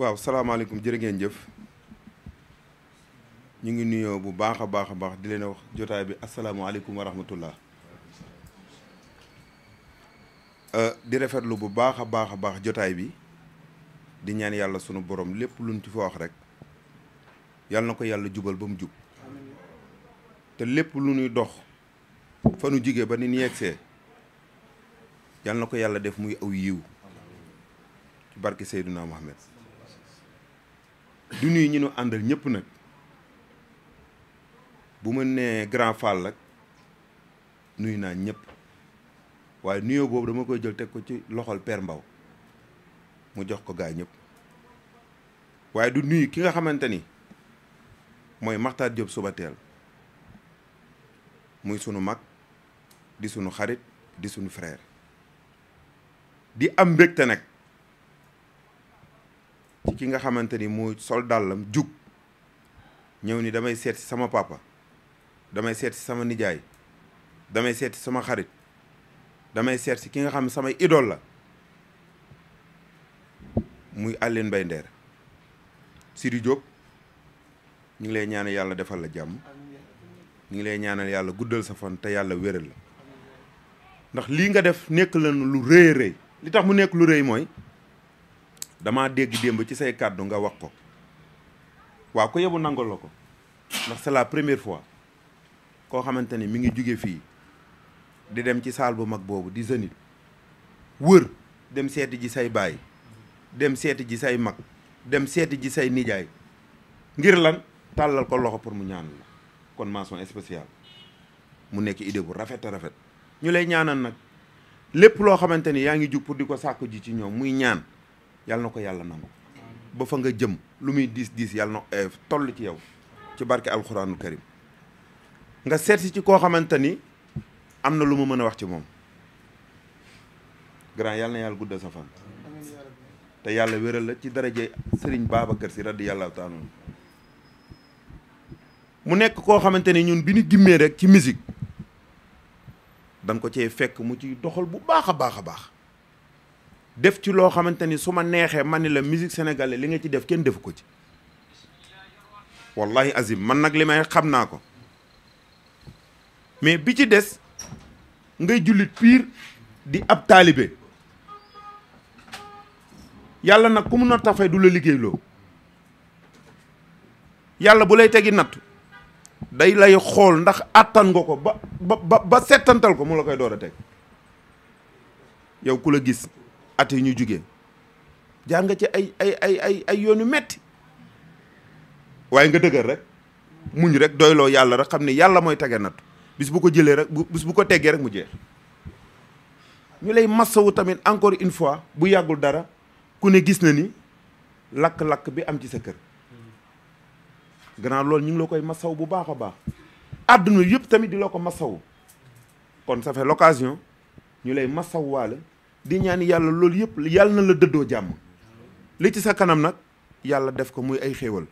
waaw salaamaaleykum jërë ngeen jëf ñu ngi nuyoo bu baax a baax a baax di leen wax jotaay bi asalaamaaleykum wa rahmatullah euh, di rafetlu bu baax a baax a baax jotaay bi di ñaan yàlla sunu borom lépp luñ ci fa wax rek yàlla na ko yàlla jubal ba mu jub te lépp lu ñuy dox fa nu jigee ba ni ñu yegsee yàlla na ko yàlla def muy aw yiw ci barke Seyduna Mohamed du nuyu ñu nu àndal ñëpp nag bu ma nee grand Fall ak nuyu naa ñëpp waaye nuyoo boobu dama koy jël teg ko ci loxol permbaw mu jox ko gaay ñëpp waaye du nuyu ki nga xamante ni mooy Makhtar Diop Soubatel muy sunu mag di sunu xarit di sunu frère di am mbégte nag. ci ki nga xamante ni mu sol dàllam ñëw ni damay seet si sama papa damay seet si sama nijaay damay seet si sama xarit damay seet si ki nga xam ne samay idole la muy Alioune Mbaye Nder Sidy jóg ñu ngi lay ñaanal yàlla defal la jàmm ñu ngi lay ñaanal yàlla guddal sa fan te yàlla wéral la ndax lii nga def nekk lan lu rëy rëy li tax mu nekk lu rëy mooy damaa dégg démb ci say kàddu nga wax ko waa ko yebu nangol la ko ndax c'est la première fois koo xamante ni mi ngi juge fii di dem ci saal bu mag boobu di Zénith wër dem seeti ji say baay dem seeti ji say mag dem seeti ji say nijaay ngir lan tàllal ko loxo pour mu ñaan la kon mention spéciale mu nekk idée bu rafet a rafet ñu lay ñaanal nag lépp loo xamante ni yaa ngi jug pour di ko sàkku ji ci ñoom muy ñaan yàlla na ko yàlla nangu ba fa nga jëm lu muy diis diis yàlla na oyof eh, toll ci yow ci barke alxuraanul karim nga seet ci koo xamante ni am na lu mu mën a wax ci moom grand yàlla yàlla guddal sa fan te yàlla wéral la ci dara daraje sëriñ Babacar si yàlla taala mu nekk koo xamante ni ñun bi nu gimmee rek ci musique dañ ko cee fekk mu ci doxal bu baax a baax a baax def ci loo xamante ni su ma neexee ma ni la musique sénégalais li nga ci def kenn defu ko ci wallahi azim man nag li may xam naa ko mais bi ci des ngay jullit piir di ab taalibe yàlla nag ku mun a tafay du la liggéeyloo yàlla bu lay tegi natt day lay xool ndax àttan nga ko ba ba ba settantal ko mu la koy door a teg yow ku la gis at yi ñu jugee jaar nga ci ay ay ay ay ay yoonu metti waaye nga dëgër rek muñ rek doyloo yàlla rek xam ne yàlla mooy tege natt bis bu ko jëlee rek bis bu ko teggee rek mu jeex ñu lay massawu tamit encore une fois bu yàggul dara ku ne gis na ni lakk-lakk bi am ci sa kër gannaaw loolu ñu ngi la koy massaw bu baax a baax àdduna yëpp tamit di la ko massawu kon ça fait l'occasion ñu lay massaw waale di ñaan yàlla loolu yëpp yàlla na la dëddoo jàmm li ci sa kanam nag yàlla def ko muy ay xéewal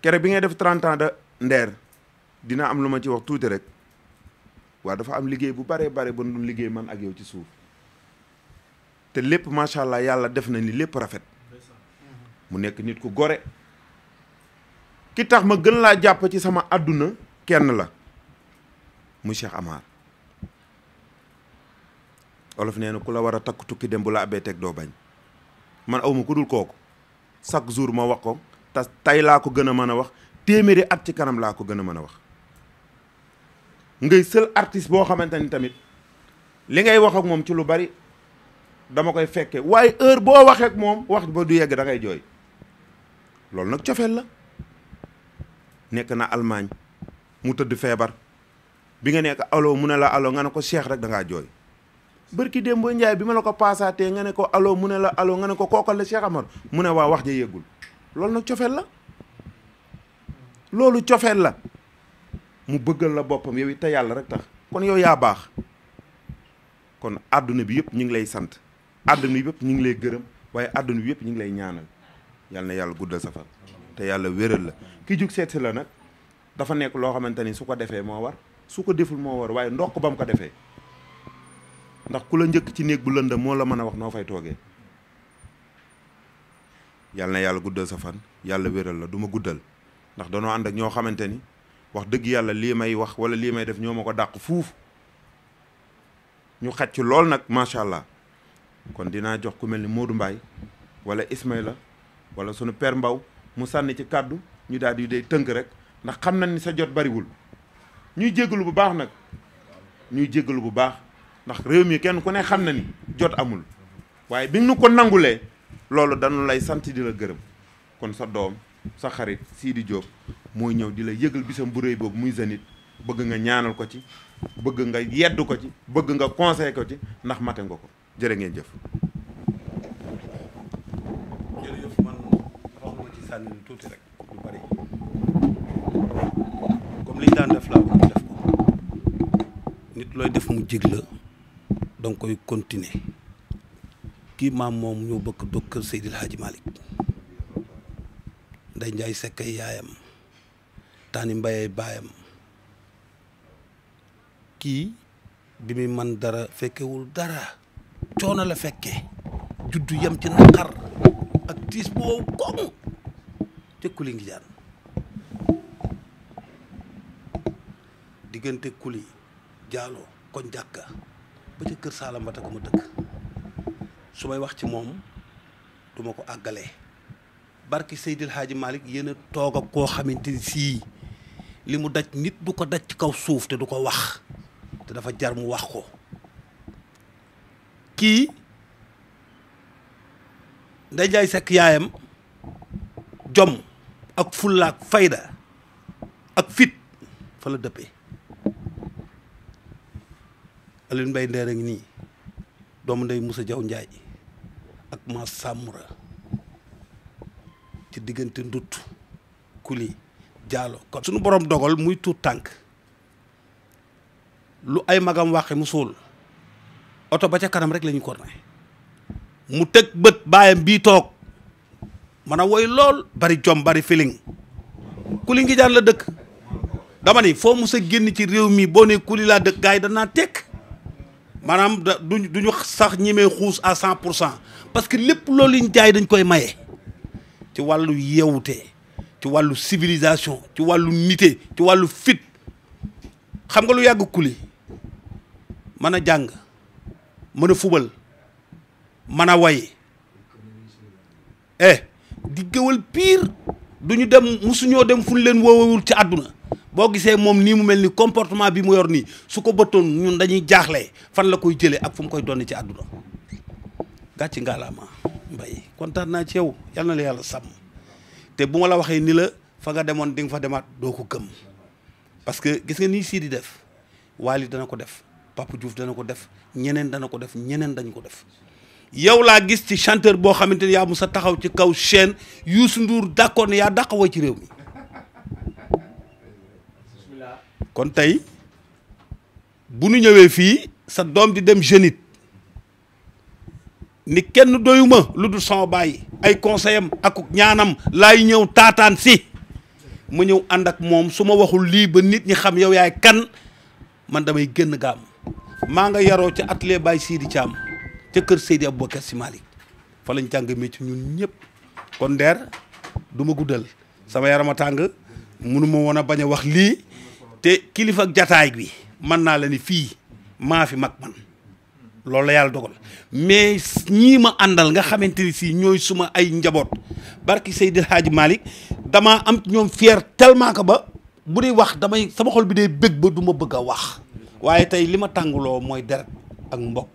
kere bi ngay def 30 ans de Nder dina am lu ma ci wax tuuti rek waa dafa am liggéey bu baree bare ba doon liggéey man ak yow ci suuf te lépp macha allah yàlla def na ni lépp rafet mu nekk nit ku gore ki tax ma gën laa jàpp ci sama àdduna kenn la mu Cheikh Amar olof nee na ku la war a takk tukki dem bu la abbee teg doo bañ man awma ku dul kooku chaque jour ma wax ko te tey laa ko gën a mën a wax téeméeri at ci kanam laa ko gën a mën a wax ngay seul artiste boo xamante ni tamit li ngay wax ak moom ci lu bari dama koy fekke waaye heure boo waxee moom wax ba du yegg da ngay jooy loolu nag cofeel la nekk na Allemagne mu tëdd feebar bi nga nekk alo mu ne la alo nga ne ko Cheikh rek da ngaa jooy bërki démb Ndiaye bi ma la ko paasaatee nga ne ko allo mu ne la allo nga ne ko kookal la Cheikh mu ne waa wax ja yëggul loolu nag cofeel la loolu cofeel la mu bëggal la boppam yow it te yàlla rek tax kon yow yaa baax kon àdduna bi yëpp ñu ngi lay sant àdduna bi yëpp ñu ngi lay gërëm waaye àdduna bi yëpp ñu ngi lay ñaanal yàlla na yàlla guddal sa te yàlla wéral la ki jug seet la nag dafa nekk loo xamante ni su ko defee moo war su ko deful moo war waaye ndokk ba mu ko defee ndax ku la njëkk ci néeg bu lënd moo la mën a wax noo fay toogee yàlla na yàlla guddal sa fan yàlla wéral la duma guddal ndax danoo ànd ak ñoo xamante ni wax dëgg yàlla lii may wax wala lii may def ñoo ma ko dàq fuuf ñu xaj ci lool nag macha allah kon dinaa jox ku mel ni Modou Mbaye wala la wala sunu père Mbaw mu sànni ci kàddu ñu daal di day tënk rek ndax xam nañ ni sa jot bariwul ñuy jéggalu bu baax nag ñuy jéggalu bu baax ndax réew mi kenn ku ne xam na ni jot amul waaye bi nu ko nangulee loolu dañu lay sant di la gërëm kon sa doom sa xarit Sidi Diop mooy ñëw di la yëgal bisam bu réy boobu muy it bëgg nga ñaanal ko ci bëgg nga yedd ko ci bëgg nga conseil ko ci ndax mate nga ko jërë ngeen jëf jërëjëf tuuti rek lu bari nit looy def mu jig danga koy continuer kii maam moom ñoo bëgg dëkk kër Seydil Hadji nday njaay sekkay yaayam taani mbayay baayam kii bi muy man dara fekkewul dara coono la fekke juddu yem ci naqar ak tiis bu koŋ ca kuli ngi jaan diggante kuli jaaloo koñ jàkka ba ca kër Saala Mbata ko ma dëkk su may wax ci moom duma ko àggalee barki Seydil Hadji Malick yéen a toog ak koo xamante ni sii li mu daj nit du ko daj ci kaw suuf te du ko wax te dafa jar mu wax ko kii nday jaay sekk yaayam jom ak fulla fayda ak fit fa la dëppee Alioune Mbaye Nder nii doomu ndey Moussa jaw njaay ak ma sàmmura ci diggante ndut kuli jaalo kon suñu borom dogal muy tuut tànk lu ay magam waxi mu suul oto ba ca kanam rek lañu ñu mu teg bët baayam bii toog man a woy lool bari jom bari feeling kuli ngi jaan la dëkk dama ni foo mu génn ci réew mi boo ne kuli laa dëkk gars yi danaa tekk maanaam da duñ duñu sax ñemee xuus à cent pour cent parce que lépp loolu liñ jaay dañ koy maye ci wàllu yeewute ci wàllu civilisation ci wàllu nité ci wàllu fit xam nga lu yàgg kuli mën a jàng mën a fubal mën a way eh di géwal pire duñu dem musuñoo dem fu leen wowowul ci àdduna boo gisee moom nii mu mel ni comportement bi mu yor nii su ko bëttoon ñun dañuy jaaxle fan la koy jëlee ak fu mu koy doon ci àdduna gàcc ngaalaama mbay kontaan naa ci yow yal la yàlla sàmm te bu ma la waxee ni la fa nga demoon di nga fa demaat doo ko gëm parce que gis nga nii sii di def Wally dana ko def Papa Diouf dana ko def ñeneen dana ko def ñeneen dañ ko def yow laa gis ci chanteur boo xamante ni yaa mu sa taxaw ci kaw chaîne Youssou Ndour dàkkoon ne yaa ci réew mi kon tey bu nu ñëwee fii sa doom di dem jeune ni kenn doyuma lu dul sama baay ay conseil am ak ñaanam laay ñëw taataan si ma ñëw ànd ak moom su ma waxul lii ba nit ñi xam yow yaay kan man damay génn gaam maa nga yaroo ca atelier Baye Sidi Thiam ca kër Seydi Aboubacar Sy Malick fa lañ jàng métier ñun ñëpp kon Nder duma guddal sama yarama tàng mënu ma woon a bañ a wax lii te kilifa ak jataay bi mën naa la ni fii maa fi mag man loolu la yàlla dogal mais ñii ma àndal nga xamante ni si ñooy suma ay njaboot barki Seydil Hadji Malick dama am ñoom fier tellement que ba bu dee wax damay sama xol bi dee bëgg ba du ma bëgg a wax waaye tey li ma tànguloo mooy deret ak mbokk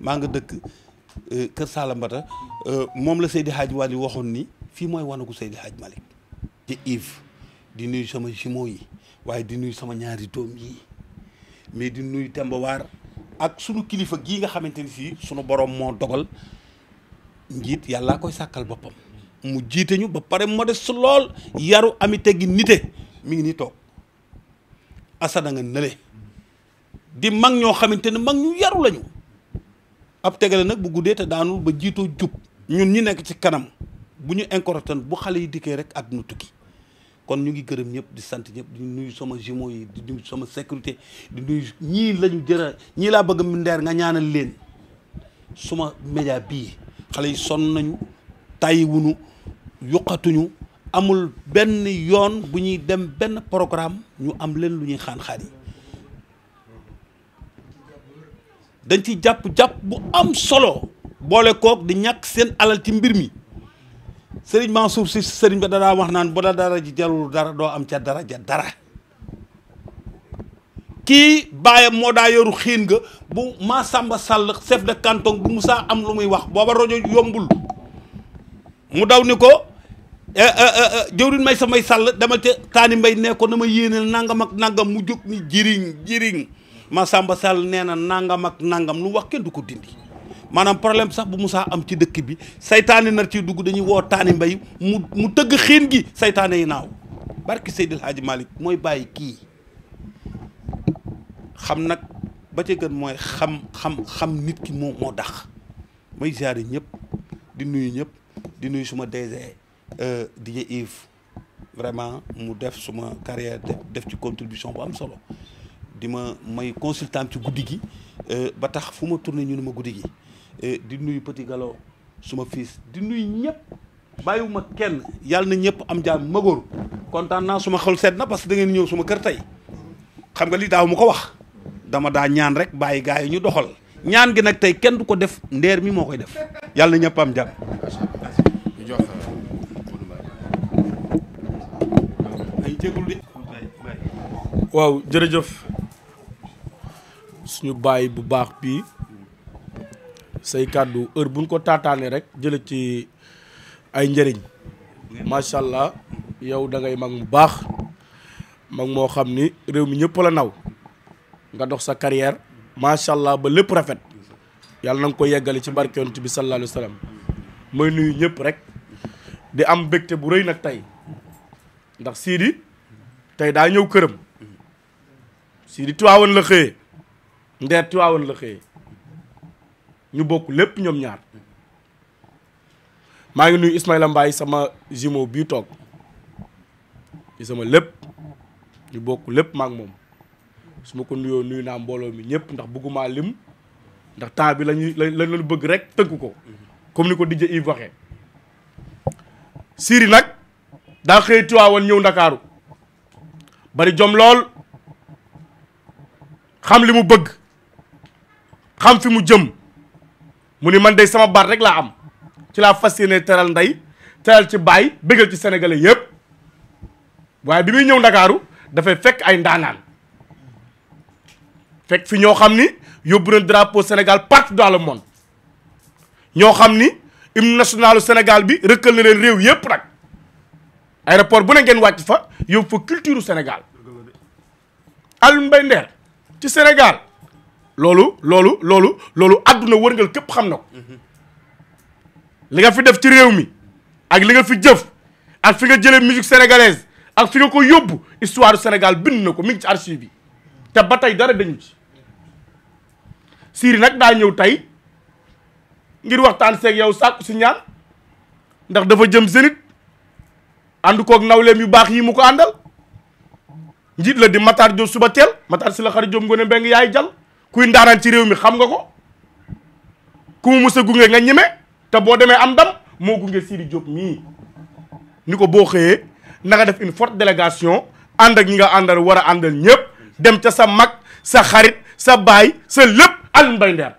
maa nga dëkk euh, Kër Salambata euh, moom la Seydil Hadji Wali waxoon ni fii mooy wanagu Seydil Hadji malik di Yves di nuyu sama jumeau yi waaye di nuyu sama ñaari doom yi mais di nuyu tembawaar ak sunu kilifa gii nga xamante ni fii sunu borom moo dogal njiit yàllaa koy sàkkal boppam mu jiite ñu ba pare ma modeste lool yaru ami gi nite mi ngi ni toog asada nga nële di mag ñoo xamante ne mag ñu yaru lañu ab tegale nag bu guddee te daanul ba jiitoo jub ñun ñu nekk ci kanam bu ñu incorrect bu xale yi dikkee rek àdduna tukki kon ñu ngi gërëm ñëpp di sant ñëpp di nuyu sama jumeau yi di nuyu sama sécurité di nuyu ñii lañu jëra ñii laa bëgg ndeer nga ñaanal leen suma média bii xale yi sonn nañu tàyyiwuñu yuqatuñu amul benn yoon bu ñuy dem benn programme ñu am leen lu ñuy xaan-xaan yi dañ ci jàpp-jàpp bu am solo boole kook di ñàkk seen alal ci mbir mi sëriñ suuf si sëriñ ba danaa wax naan bu da dara ji jarul dara doo am ca dara ja dara kii baayam moo daa yoru xiin nga bu Massamba Sall chef de canton bu Moussa am lu muy wax booba rajo yombul mu daw ni ko eh, eh, eh, jëwriñ may samay sàll dama ca taani mbay ne ko na ma yéeneel nangam ak nangam mu jóg ni jiriñ jiriñ Massamba Sall nee na nangam ak nangam lu wax kenn du ko dindi maanaam problème sax bu musaa am ci dëkk bi saytaane nar ci dugg dañuy woo taani mbay mu mu tëgg xiin gi saytaane yi naaw barki Seydil Hadji Malick mooy bàyyi kii xam nag ba ca gën mooy xam xam xam nit ki moo moo dax may ziare ñëpp di nuyu ñëpp di nuyu suma DG euh, DJ Yves vraiment mu def suma carrière def ci contribution bu am solo di ma may consultant ci guddi gi euh, ba tax fu ma tourné ñu ne ma guddi gi Eh, di nuyu Petit Gallo suma fiis di nuyu ñëpp bàyyiwuma kenn yàlla na ñëpp am jaam magoor kontaan naa suma xol sedd na parce que da ngeen ñëw suma kër tey xam nga li daaw mu ko wax dama daa ñaan rek bàyyi gars yi ñu doxal ñaan gi nag tey kenn du ko def ndeer mi moo koy def yàlla na ñëpp am jàmm. waaw jërëjëf suñu bàyyi bu baax bii. say kàddu heure buñ ko taataanee rek jële ci ay njëriñ macha allah yow dangay mag mu baax mag moo xam ni réew mi ñëpp la naw nga dox sa carrière macha allah ba lépp rafet yàlla na nga ko yeggale ci barke yonent bi sallallahu alayhi wa mooy nuyu ñëpp rek di am mbégte bu rëy nag tey ndax Sidi tey daa ñëw këram Sidi Tiwaawan la xëyee Ndeer Tiwaawan la xëyee ñu bokk lépp ñoom ñaar maa ngi nuyu Ismaïla Mbaye sama jumeau bi toog di sama lépp ñu bokk lépp maak moom su ma ko nuyoo nuyu naa mbooloo mi ñëpp ndax bëgguma lim ndax temps bi lañuy lañu bëgg rek tënk ko comme ni ko DJ Yves waxee Siri nag daa xëy Tiwaawan ñëw Ndakaaru bari jom lool xam li mu bëgg xam fi mu jëm mu ni man day sama baat rek laa am ci laa fas yéene teral nday teral ci baay bégal ci sénégalais yëpp waaye bi muy ñëw ndakaaru dafay fekk ay ndaanaan fekk fi ñoo xam ni yóbbu na drapeau Sénégal partout dans le monde ñoo xam ni hymne nationalu Sénégal bi rëkkal na leen réew yëpp nag aéroport bu ne wàcc fa yóbbu fa culture Sénégal al ci Sénégal loolu loolu loolu loolu àdduna wërngal képp xam na ko li nga fi def ci réew mi ak li nga fi jëf ak fi nga jëlee musique sénégalaise ak fi nga ko yóbbu histoire du Sénégal bind na ko mi ci archive bi te ba tey dara dañu ci Siiri nag daa ñëw tey ngir waxtaan seeg yow sàkku si ñaan ndax dafa jëm Zénith ànd koog nawleem yu baax yi mu ko àndal njiit la di Matar Diop suba teel Matar si la xarit Diop Ngone Mbengue yaay jal kuy ndaanaan ci réew mi xam nga ko ku mu mus a gunge nga ñeme te boo demee am ndam moo gunge Sidi jóg mii ni ko boo xëyee na def une forte délégation ànd ak ñi nga àndal war a àndal ñëpp dem ca sa mag sa xarit sa baay sa lépp al mbay ndeer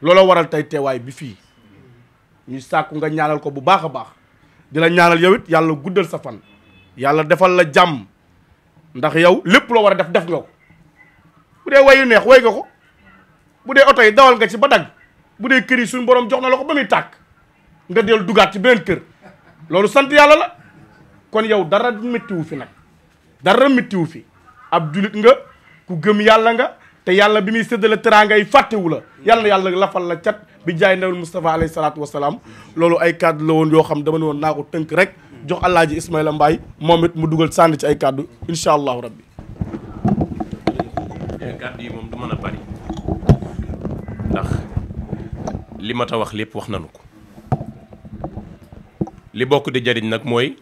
looloo waral tey teewaay bi fii ñu sàkku nga ñaanal ko bu baax a baax dina la ñaanal yow it yàlla guddal sa fan yàlla defal la jàmm ndax yow lépp loo war a def def nga ko bu dee wayu neex way nga ko bu dee oto yi dawal nga ci ba dagg bu dee kër yi suñ boroom jox na la ko ba muy tàkk nga dellu dugaat ci beneen kër loolu sant yàlla la kon yow dara méttiwu fi nag dara méttiwu fi ab julit nga ku gëm yàlla nga te yàlla bi muy séddale teraanga yi fàttewu la yàlla na yàlla lafal la cat bi jaay ndawul Moustapha alayhi salaatu wasalaam loolu ay kàddu la woon yoo xam dama ne woon naa ko tënk rek jox Alaaji Ismaïla Mbaye moom it mu dugal sànni ci ay kàddu incha allahu rabbi kàddu moom du mën a ndax li mat a wax lépp wax nanu ko li bokk di jariñ nag mooy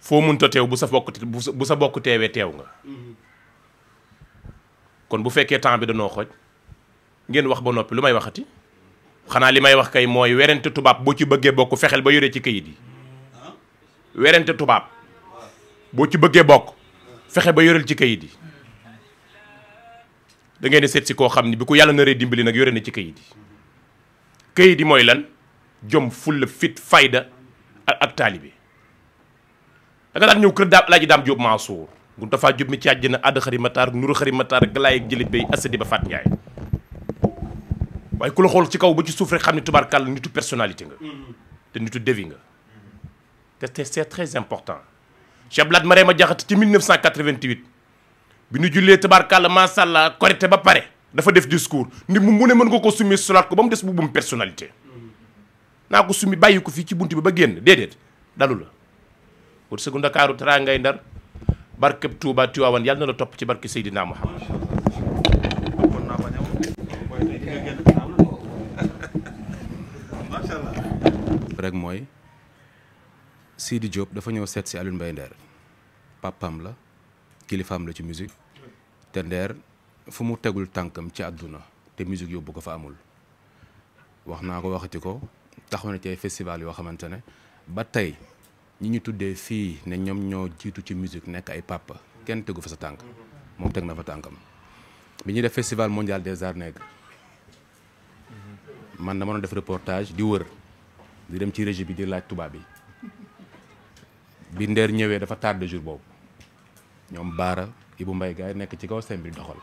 foo munta teew bu sa bokk sa bokk teewee teew nga kon bu fekkee temps bi danoo xooj ngeen wax ba noppi lu may waxati xanaa li may wax kay mooy werante tubaab boo ci bëggee bokk fexeel ba yore ci kayit yi werante tubaab boo ci bëggee bokk fexe ba yoreel ci kayit yi da ngeen di seet koo xam ni bi ko yàlla naree dimbali nag yore na ci kayit yi mooy lan jom fulla fit fayda ak ak taalibe da nga daan ñëw kër daam alaaji daam Jóob Mansour gun dafaa jub mi ci àjjana àdd xari mataar nuru xari mataar galaay ak jëlit bay asadi ba Fat Njaay waaye ku la xool ci kaw ba ci suuf rek xam ne tubaarkàll nitu personnalité nga te nitu devi nga te c'est très important Cheikh Blad Marema Jaxate ci bi ñu jullee tabaarkàlla macha allah korite ba pare dafa def discours ndi mu mu ne mën nga ko summi solaat ko ba mu des bu bum personnalité naa ko summi bàyyi ko fii ci bunt bi ba génn déedéet dalu la wërsëgu Ndakaaru taraa ngay ndar barkeb Touba Tiwaawan yàlla na la topp ci barke Seydina Muhammad rek mooy Sidi Diop dafa ñëw seet si Alioune Mbaye Nder papam la kilifaam la ci musique te Nder fu mu tegul tànkam ci àdduna te musique yóbbu ko fa amul wax naa ko waxati ko taxaw na ci ay festival yoo xamante ne ba tey ñi ñu tuddee fii ne ñoom ñoo jiitu ci musique nekk ay papa kenn tegu fa sa tànk moom teg na fa tànkam bi ñuy def festival mondial des arts nègres man dama doon def reportage di wër di dem ci régie bi di laaj tubaab yi bi ndeer ñëwee dafa tardé jour boobu ñoom Baara Ibou Mbaye gars yi nekk ci kaw scène bi doxal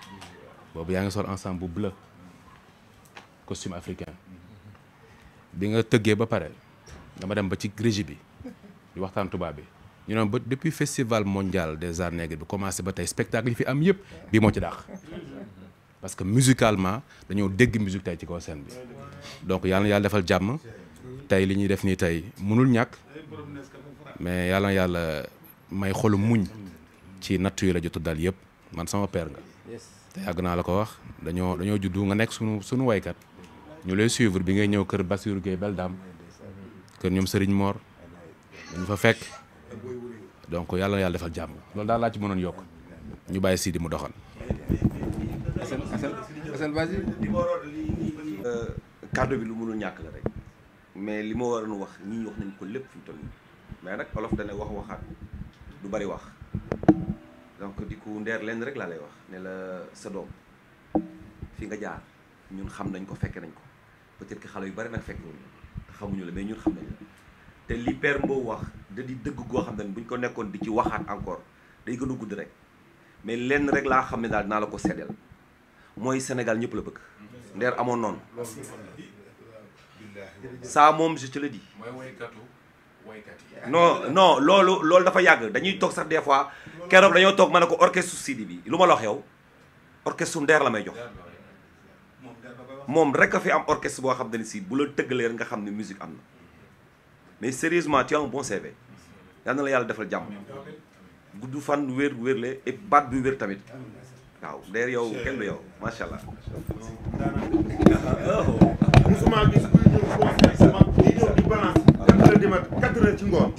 boobu yaa ngi sol ensemble bu bleu costume africain bi nga tëggee ba pare dama dem ba ci régie bi di waxtaan tubaab bi ñu ne ba depuis festival mondial des arts nègres bi commencé ba tey spectacle yi fi am yëpp bi moo ci dàq parce que musicalement dañoo dégg musique tey ci kaw seen bi donc yàlla yàlla defal jàmm tey li ñuy def nii tey mënul ñàkk mais yàlla yàlla may xolu muñ ci nattu yi la jot dal yëpp man sama père nga te yàgg naa la ko wax dañoo dañoo juddu nga nekk sunu sunu waykat ñu lay suivre bi ngay ñëw kër Bassirou Gueye Beldam kër ñoom Serigne Mor dañu fa fekk donc yàlla na yàlla defal jàmm loolu daal laa ci mënoon yokk ñu bàyyi Sidi mu doxal. Euh, kàddu bi lu mënul ñàkk la rek li ma waroon wax ñii wax nañ ko lépp olof dana wax waxaat du bari wax. donc di ko ndeer lenn rek laa lay wax ne la sa doom fi nga jaar ñun xam nañ ko fekke nañ ko peut-être xale yu bari nag fekk loolu xamuñu la mais ñun xam nañ te li père wax da di dëgg goo xam ne buñ ko nekkoon di ci waxaat encore day gën a gudd rek mais lenn rek laa xam ne daal naa la ko seddal mooy Sénégal ñëpp la bëgg ndeer amoon noonu saa moom je te le non non loolu loolu dafa yàgg dañuy toog sax des fois keroog dañoo toog ma ne ko orchestre Sidi bi lu ma la wax yow orchestre la may jox moom rek a fi am orchestre boo xam ne si bu la tëggalee nga xam ne musique am na mais sérieusement tu as bon CV yal na la yàlla defal jàmm gudd fan wér wérle et baat bi wér tamit waaw Nder yow kenn du yow macha allah. quatre heures du matin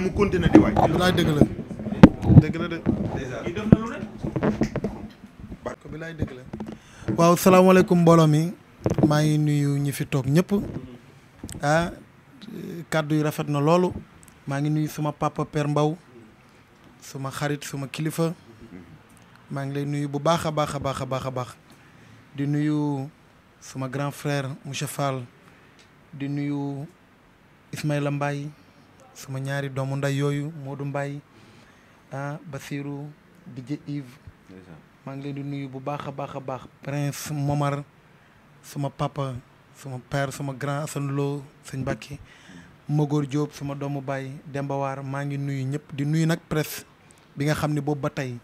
mu continuer di waaj. bilaay dëgg la waaw salaamaaleykum mbooloo mi maa ngi nuyu ñi fi toog ñëpp ah kàddu yi rafet na loolu maa ngi nuyu suma papa Père Mbaw suma xarit suma kilifa maa ngi lay nuyu bu baax a baax a baax a baax a baax di nuyu suma grand frère monsieur Fall. di nuyu Ismaïla mbaay sama ñaari doomu nday yooyu Modou Mbaye ah Basirou DJ Yves maa ngi leen di nuyu bu baax a baax a baax Prince Momar sama papa suma per suma grand Assane Lo sëñ Bakki Magor Diop suma doomu baay Demba Waar maa ngi nuyu ñëpp di nuyu nag presse bi nga xam ne boobu ba tey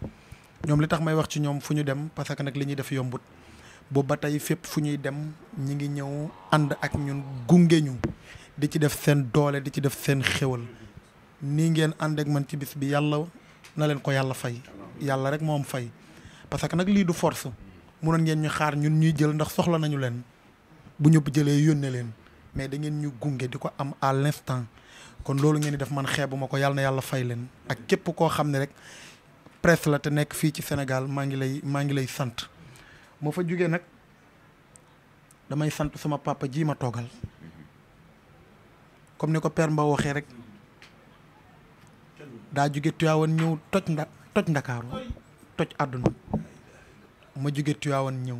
ñoom li tax may wax ci ñoom fu ñu dem parce que nag li ñuy def yombut boobu ba tey fépp fu ñuy dem ñu ngi ñëw ànd ak ñun gunge ñu di ci def seen doole di ci def seen xéwal nii ngeen ànd ak man ci bis bi yàlla na leen ko yàlla fay yàlla rek moom fay parce que nag lii du force munoon ngeen ñu xaar ñun ñuy jël ndax soxla nañu leen bu ñëpp jëlee yónnee leen mais da ngeen ñu gunge di ko am à l'instant kon loolu ngeen di def man xeebuma ko yàlla na yàlla fay leen ak képp koo xam ne rek presse la te nekk fii ci Sénégal maa ngi lay maa ngi lay sant moo fa jógee nag damay sant sama papa ji ma toogal comme ni ko père waxee rek daa jóge Tiwaawan ñëw toj nda toj ndakaaru toj àdduna ma jóge Tiwaawan ñëw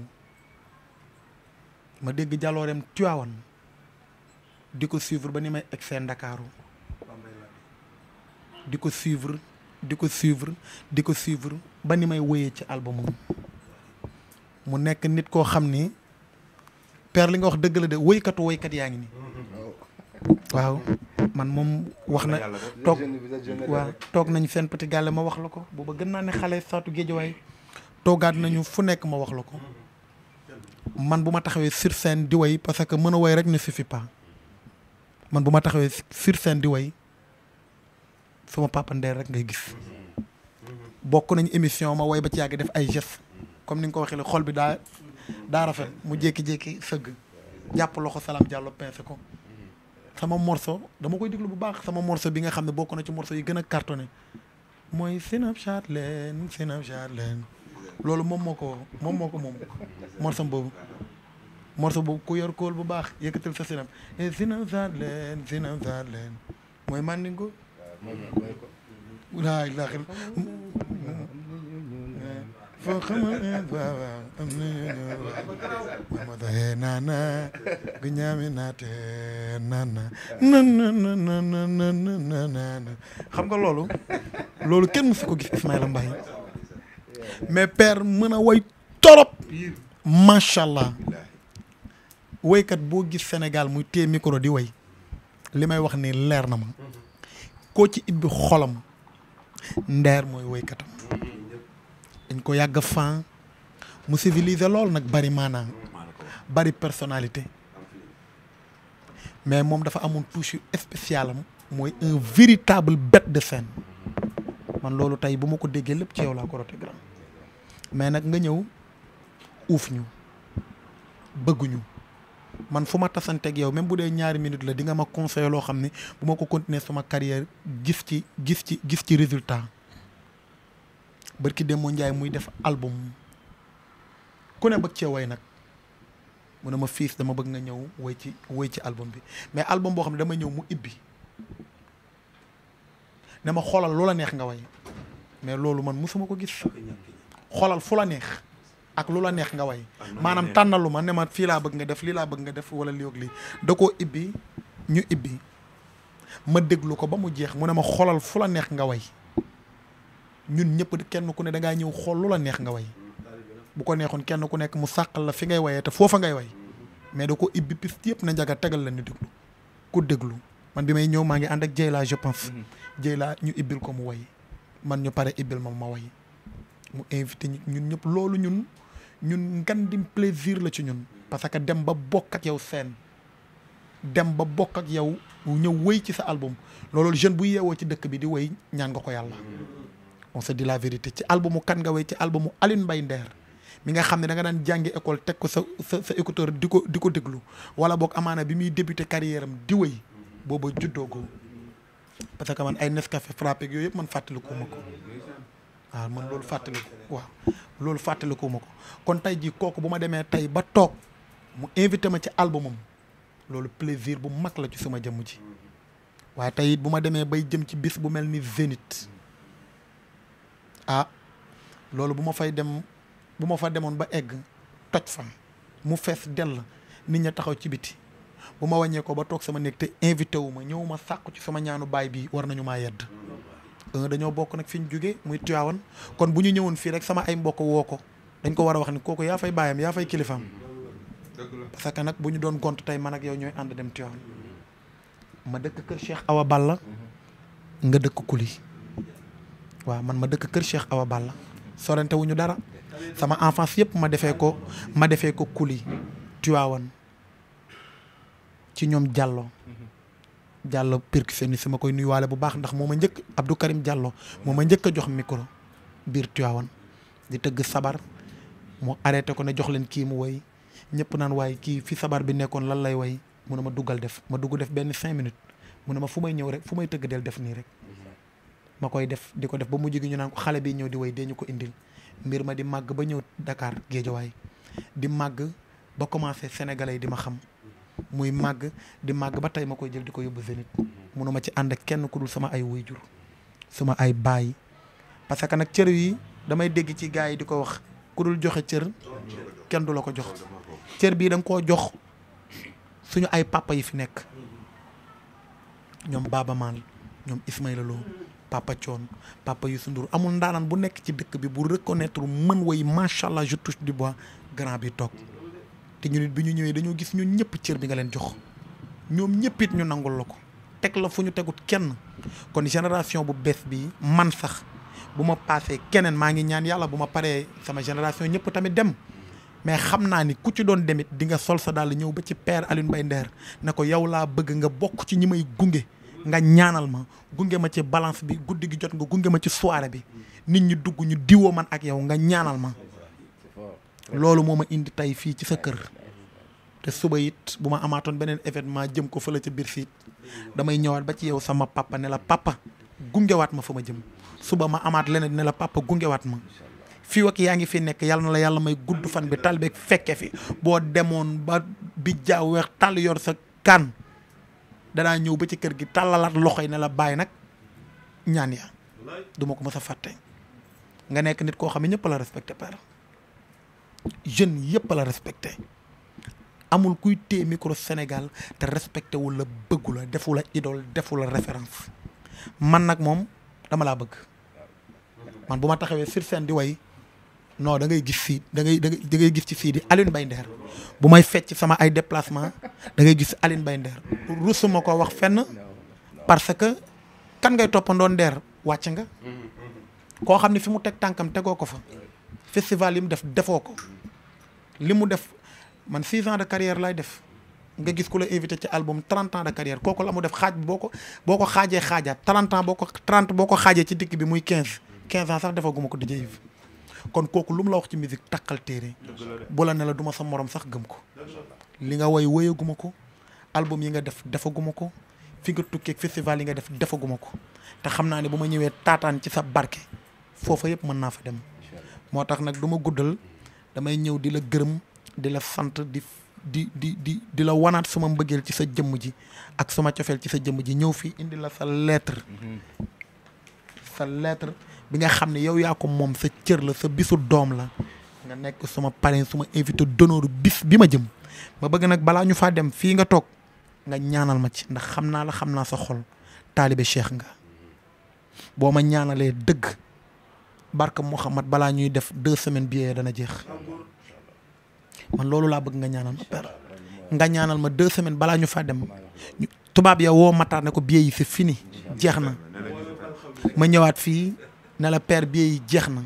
ma dégg jaloorem Tiwaawan di ko suivre ba ni may egg ndakaaru di ko suivre di ko suivre di ko suivre ba ni may wéyee ci albumum mu nekk nit koo xam ni per li nga wax dëgg la de woykatu woykat yaa ngi nii waaw man moom wax na toog waaw toog nañu seen petit gàlle ma wax la ko booba gën naa ne xale saatu géejawaay toogaat nañu fu nekk ma wax la ko man bu ma taxawee sur seen di way parce que mën a way rek ne suffit pas man bu ma taxawee sur scène di way sama papa rek ngay gis bokk nañ émission ma way ba ci yàgg def ay gestes comme ni nga ko waxee la xool bi daa daa rafet mu jékki-jékki sëg jàpp loxo Salam Diallo peese ko sama morso dama koy déglu bu baax sama morceau bi nga xam ne bokk na ci morceau yi gën a cartonné mooy Snapchat leen Snapchat leen loolu moom moo ko moom moo ko moom morceau boobu morceau boobu ku yor kóol bu baax yëkkatil sa sinam eh, Snapchat leen Snapchat leen mooy mandingo. waaw mooy foo xamal waaw waaw am nañu amada he nana bi ñaami naate nana nanananananana xam nga loolu loolu kenn mu fi ko gis Ismaïla Mbaye mais père mën a woy torop macha allah woykat boo gis Sénégal muy téye micro di woy li may wax ni leer na ma koo ci ibbi xolam ndeer mooy woykat dañ ko yàgg fan mu civilisé lool nag bari maanaam bari personnalité mais moom dafa amoon touche spécial am mooy un véritable bête de scène man loolu tey bu ma ko déggee lépp ci yow laa ko rote grand mais nag nga ñëw uuf ñu bëgguñu man fu ma tasanteeg yow même bu dee ñaari minutes la di nga ma conseillé loo xam ne bu ma ko continuer sama carrière gis ci gis ci gis ci résultat de Demba Ndiaye muy def album ku ne bëgg cee woy nag mu ne ma fiis dama bëgg nga ñëw woy ci woy ci album bi mais album boo xam ne dama ñëw mu ibbi ne ma xoolal lu la neex nga way mais loolu man mosuma ko gis xoolal fu la neex ak lu la neex nga way maanaam tànnalu ma ne ma fii laa bëgg nga def lii laa bëgg nga def wala lii ak lii da koo ibbi ñu ibbi ma déglu ko ba mu jeex mu ne ma xoolal fu la neex nga way ñun ñëpp kenn ku ne da ngaa ñëw xool lu neex nga way bu ko neexoon kenn ku nekk mu sàqal la fi ngay wayee te foofa ngay way mais da ko ibbi yëpp na njaga tegal la ñu déglu ku déglu man bi may ñëw maa ngi ànd ak Dieyla je pense Dieyla mhm. ñu ibbil ko mu way man ñu pare ibbil ma ma way mu invité ñun ñëpp loolu ñun ñun ngandim plaisir la ci ñun parce que dem ba bokk ak yow seen dem ba bokk ak yow ñëw wëy ci sa album looloolu jeune bu yeewoo ci dëkk bi di wëy ñaan nga ko yàlla on se la vérité ci mu kan nga way ci mu alin bay ndeer mi nga xam ne da daan jàngi école teg ko sa sa écouteur di ko di ko déglu wala boog amaana bi muy débuté carrière am di way booba juddoo ko parce que man ay Nescafé frappé yooyu yëpp man fàttaliku ma ko waaw man loolu fàttaliku waaw loolu fàttaliku ma ko kon tey jii kooku bu ma demee tey ba toog mu invité ma ci albumam loolu plaisir bu mag la ci sama jëmm ji waaye tey bu ma demee bay jëm ci bis bu mel ni Zénith ah loolu bu ma fay dem bu ma fa demoon ba egg toj fa mu fees dell nit ña taxaw ci biti bu ma wàññee ko ba toog sama néeg te invité wu ma ñëw ma sàkku ci sama ñaanu baay bi war nañu ma yedd euh, dañoo bokk nag fi ñu jóge muy Tiwaawan kon bu ñu ñëwoon fii rek sama ay mbokk woo ko dañ ko war a wax ni kooku yaa fay baayam yaa fay kilifaam parce que nag bu ñu doon gont tey man ak yow ñooy ànd dem Tiwaawan ma dëkk kër Cheikh Awa Balla nga dëkk Kuli waaw man ma dëkk kër Cheikh Awa la sorante wuñu dara sama enfance yëpp ma defee ko ma defee ko kuli tuwaawan ci ñoom jàlloo Diallo Diallo percussionniste ma koy nuyuwaale bu baax ndax moo ma njëkk Abdou Karim Diallo moo ma njëkk a jox micro biir Tiwaawan di tëgg sabar mu arrêté ko ne jox leen kii mu woy ñëpp naan waaye kii fi sabar bi nekkoon lan lay woy mu ne ma duggal def ma dugg def benn cinq minutes mu ne ma fu may ñëw rek fu may tëgg del def nii rek ma koy def di ko def ba mu gi ñu naan ko xale bi ñëw di woy dee ñu ko indil mbir ma di màgg ba ñëw dakaar géejawaay di màgg ba commencé sénégalais yi di ma xam muy màgg di màgg ba tey ma koy jël di ko yóbbu Zénith munuma ci ànd kenn ku dul sama ay waajur suma ay baay parce que nag cër yi damay dégg ci gars yi di ko wax ku dul joxe cër kenn du la ko jox cër bii da koo jox suñu ay papa yi fi nekk ñoom Baaba Maal ñoom Ismaïla papa Thione papa Youssou Ndour amul ndaanaan bu nekk ci dëkk bi bu reconnaître mën way macha allah je touche du bois grand bi toog te ñu nit bi ñu ñëwee dañoo gis ñun ñëpp cër bi nga leen jox ñoom ñëpp it ñu nangul la ko teg la fu ñu tegut kenn kon génération bu bees bi man sax bu ma paasee keneen maa ngi ñaan yàlla bu ma paree sama génération ñëpp tamit dem mais xam naa ni ku ci doon demit di nga sol sa daal ñëw ba ci père Alioune Mbaye Nder ne ko yow laa bëgg nga bokk ci ñi may gunge. nga ñaanal ma gunge ma ci balance bi guddi gi jot nga gunge ma ci soirée bi nit ñi dugg ñu diwoo man ak yow nga ñaanal ma loolu moo ma indi tey fii ci sa kër te suba yit bu ma amaatoon beneen événement jëm ko fële ca biir siit damay ñëwaat ba ci yow sama papa ne la papa gungewaat ma fa ma jëm suba ma amaat leneen ne la papa gungewaat ma fii ak yaa ngi fi nekk yàlla na la yàlla may gudd fan bi tal beeg fekke fi boo demoon ba bi jaaw weex yor sa kan danaa ñëw ba ci kër gi tàllalaat loxo yi ne la bàyyi nag ñaan ya du ko mës a fàtte nga nekk nit koo xam ne ñëpp la respecté père jeune yëpp la respecté amul kuy téye micro Sénégal te respecté wu la bëggu la defu la idole defu la référence man nag moom dama laa bëgg man bu ma taxawee sur seen di way non da ngay gis fii da ngay da ngay gis ci fii di Alioune Mbaye Nder bu may fecc sama ay déplacement dangay ngay gis Alioune bay Nder rusuma koo wax fenn parce que kan ngay toppandoo Nder wàcc nga koo xam ne fi mu teg tànkam tegoo ko fa festival yi mu def defoo ko li mu def man six ans de carrière lay def nga gis ku la invité ci album 30 ans de carrière kooku la mu def xaaj boo ko boo ko xaajee xaajaat 30 ans boo ko 30 boo ko xaajee ci dikk bi muy quinze 15 ans sax defaguma ko DJ Yves kon kooku lu mu la wax ci musique takkal téere bu la ne la duma sa moroom sax gëm ko li nga woy woyaguma ko album yi nga def defaguma ko fi nga tukkee festival yi nga def defaguma ko te xam naa ne bu ma ñëwee taataan ci sa barke foofa yëpp mën naa fa dem moo tax nag du ma guddal damay ñëw di la gërëm di la sant di di di di la wanaat suma mbëggeel ci sa jëmm ji ak suma cofeel ci sa jëmm ji ñëw fi indi la sa lettre mm-hmm. sa lettre bi nga xam ne yow yaa ko moom sa cër la sa bisu doom la nga nekk suma parrain suma invité d'honneur bis bi ma jëm ma bëgg nag balaa ñu faa dem fii nga toog nga ñaanal ma ci ndax xam naa la xam naa sa xol taalibe cheikh nga boo ma ñaanalee dëgg barka Mouhamad balaa ñuy def deux semaines bi dana jeex man loolu laa bëgg nga ñaanal nga ñaanal ma deux semaines balaa ñu faa dem tubaab ya woo mataar ko billet yi c'est fini jeex na ma ñëwaat fii ne la paire bi yi jeex na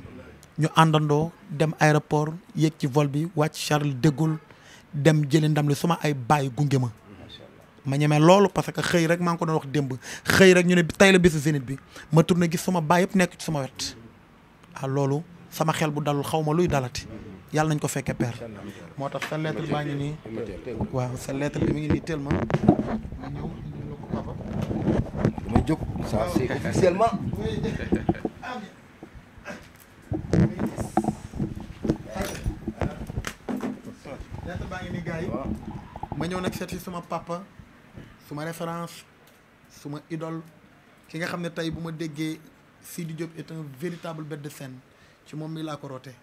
ñu àndandoo dem aéroport yéeg ci vol bi wàcc Charles de dem jëli ndam li suma ay bàyyi gunge ma ma ñemee loolu parce que xëy rek maa ngi ko doon wax démb xëy rek ñu ne tay la bisu Zénith bi ma tourné gis suma baay yëpp nekk ci sama wet ah loolu sama xel bu dal xaw ma luy dalati yàlla nañ ko fekkee père moo tax sa lettre baa ngi nii waaw sa lettre bi mi ngi nii teel ma damay jóg ça c'est officiellement ma ñëw nag seet si suma papa suma référence suma idol ki nga xam ne tey bu ma déggee Sidi Diop est un véritable bête de scène ci moom mi laa ko roote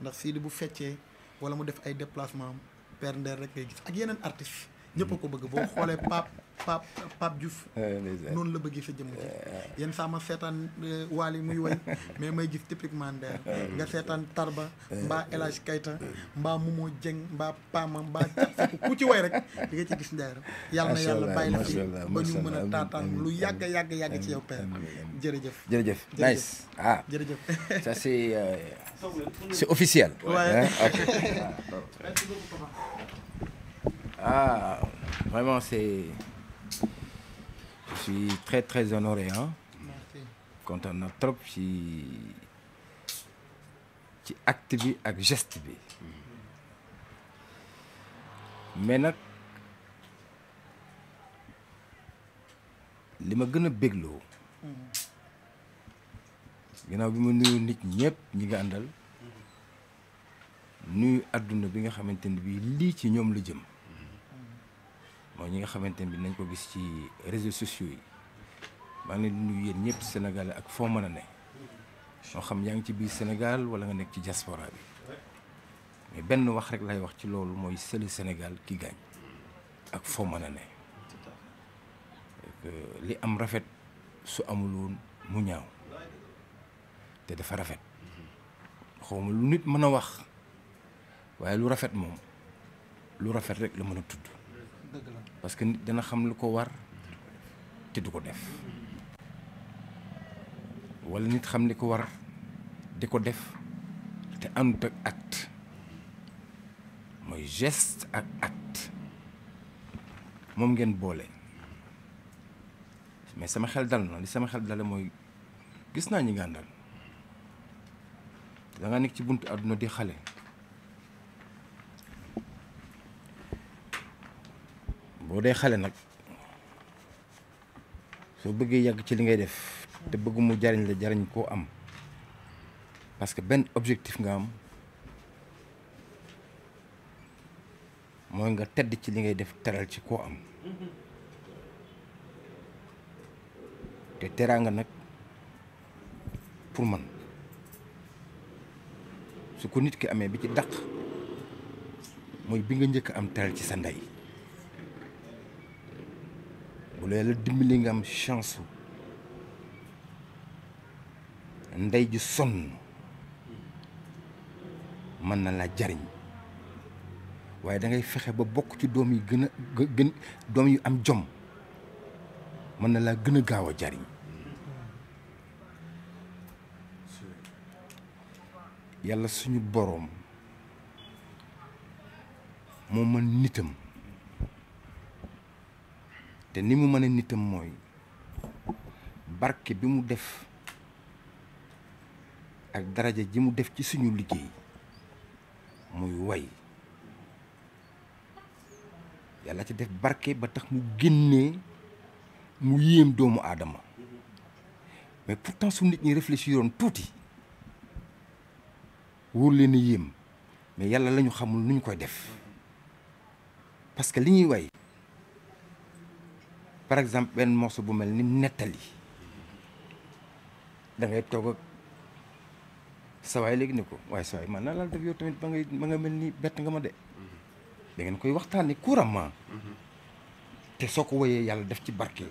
ndax Sidi bu feccee wala mu def ay déplacement am per ndeer rek ngay gis ak yeneen artistes ñëpp a ko bëgg boo xoolee Pape Pape Pape Diouf. Eh, noonu la bëggee sa jëmm ji. Eh. yenn saa ma seetaan eh, Waly muy way mais may gis typiquement Nder. nga seetaan Tarba. mba El Hadj Kayta. mba Momo Dieng mbaa Pama mbaa Thiat ku ci way rek di nga ci gis Nder. yàlla na yàlla bàyyi la fi ba ñu mën a taataan lu yàgg yàgg yàgg ci yow jërëjëf jërëjëf ah. euh, c'est officiel. Ah, ah, vraiment, c'est... suis très très honoré ah. kontaan na trop ci ci acte bi ak gest bi mais nag li ma gën a bégloo. ginnaaw bi ma nuyu nit ñëpp ñi nga àndal nuyu àdduna bi nga xamante ni bii lii ci ñoom la jëm. mooy ñi nga xamante ne bi nañ ko gis ci réseaux sociaux yi maa ngi leen di nuyu yéen ñëpp Sénégalais ak foo mën a ne moo xam yaa ngi ci biir Sénégal wala nga nekk ci diaspora bi mais benn wax rek lay wax ci loolu mooy c'est le Sénégal qui gagne ak foo mën a ne euh, li am rafet su amul woon mu ñaaw te dafa rafet ma lu nit mën a wax waaye lu rafet moom lu rafet rek la mën a tudd parce que nit dana xam lu ko war te du ko def wala nit xam li ko war di ko def te àndut ak acte mooy geste ak acte moom ngeen boole mais sama xel dal na li sama xel dale mooy gis naa ñi nga àndal da nga nekk ci buntu àdduna di xale boo dee xale nag soo bëggee yàgg ci li ngay def te bëgg mu jariñ la jariñ koo am parce que benn objectif nga am mooy nga tedd ci li ngay def teral ci koo am te teraanga nag pour man su ko nit ki amee bi ci dàq mooy bi nga njëkk am teral ci sa ndey bu yàlla dimbali nga am chance ndey ju sonn mën na laa waaye dangay fexe ba bokk ci doom yi gën a gën doom yu am jom mën na laa gën a gaaw a jariñ yàlla suñu boroom moom mën nitam te ni mu mën a nitam mooy barke bi mu def ak daraja ji mu def ci suñu liggéey muy way yàlla ci def barke ba tax mu génnee mu yéem doomu aadama mais pourtant su nit ñi réfléchiroon tuuti wóor leen a yéem mais yàlla la ñu xamul nu ñu koy def parce que li ñuy way par exemple benn morceau bu mel ni nettali da ngay toog ak sawaay léegi ne ko waaye sawaay man na laal def yow tamit ba ngay ba nga mel ni bett nga ma de da ngeen koy waxtaanee couramment te soo ko woyee yàlla def ci barke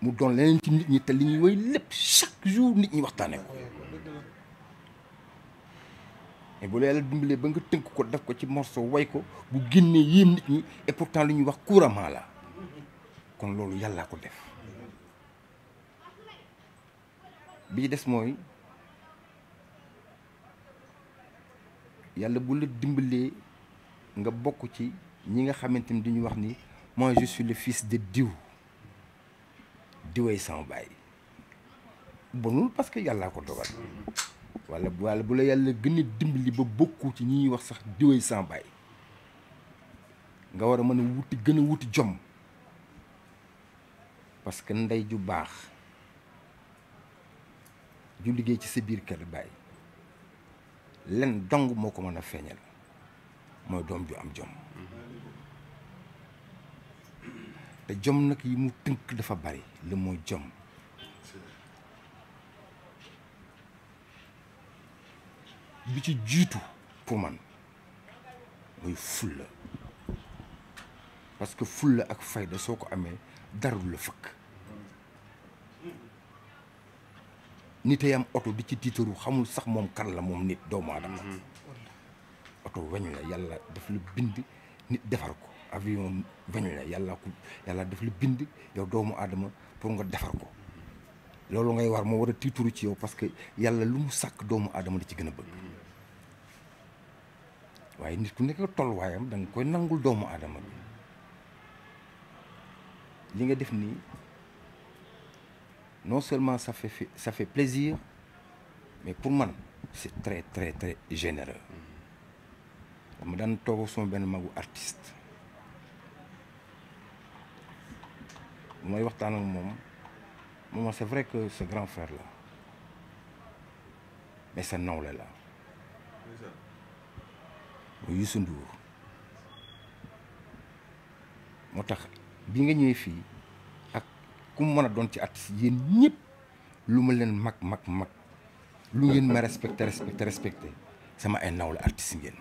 mu doon leneen ci nit ñi te li ñuy woy chaque jour nit ñi waxtaanee ko mais bu la yàlla dimbalee ba nga tënk ko def ko ci morceau way ko bu génnee yéem nit ñi et lu ñuy wax couramment la kon loolu yàllaa ko def bi des mooy yàlla bu la dimbalee nga bokk ci ñi nga xamante ni dañuy wax ni moi je suis le fils de diw diw ay sama baay bonul parce que yàllaa ko dogal wala wala bu la yàlla gën a dimbali ba bokku ci ñuy wax sax diwéy sans baay nga war a mën a wuti gën a wuti jom parce que ndey ju baax ju liggéey ci sa biir kër bàyyi len dong moo ko mën a feeñal mooy doom ju am jom te jom nag yi mu tënk dafa bari la mooy jom bi ci jiitu pour man muy la parce que ful la ak fayda soo ko amee darul la fëkk nit am oto di ci tiitaru xamul sax moom kan la moom nit doomu aadama mhm. oto weñ la yàlla daf la bind nit defar ko avion weñ la yàlla ko yàlla daf la bind yow doomu aadama pour nga defar ko loolu ngay war moo war a tiitaru ci yow parce que yàlla lu mu sàkk doomu aadama la ci gën a bëgg mhm. waaye nit ku nekk tolluwaayam da nga koy nangul doomu aadama bi li nga def nii non seulement ça fait ça fait plaisir mais pour man c'est très très très généreux dama daan toog sama benn magu artist bu waxtaan ak moom moom c'est vrai que ce grand frère là mais sa nawle la mu Youssou moo tax bi nga ñëwee fii ak kum mu mën a doon ci at yéen ñëpp lu ma leen mag mag mag lu ngeen ma respecté respecté respecté sama ay naw la artiste ngeen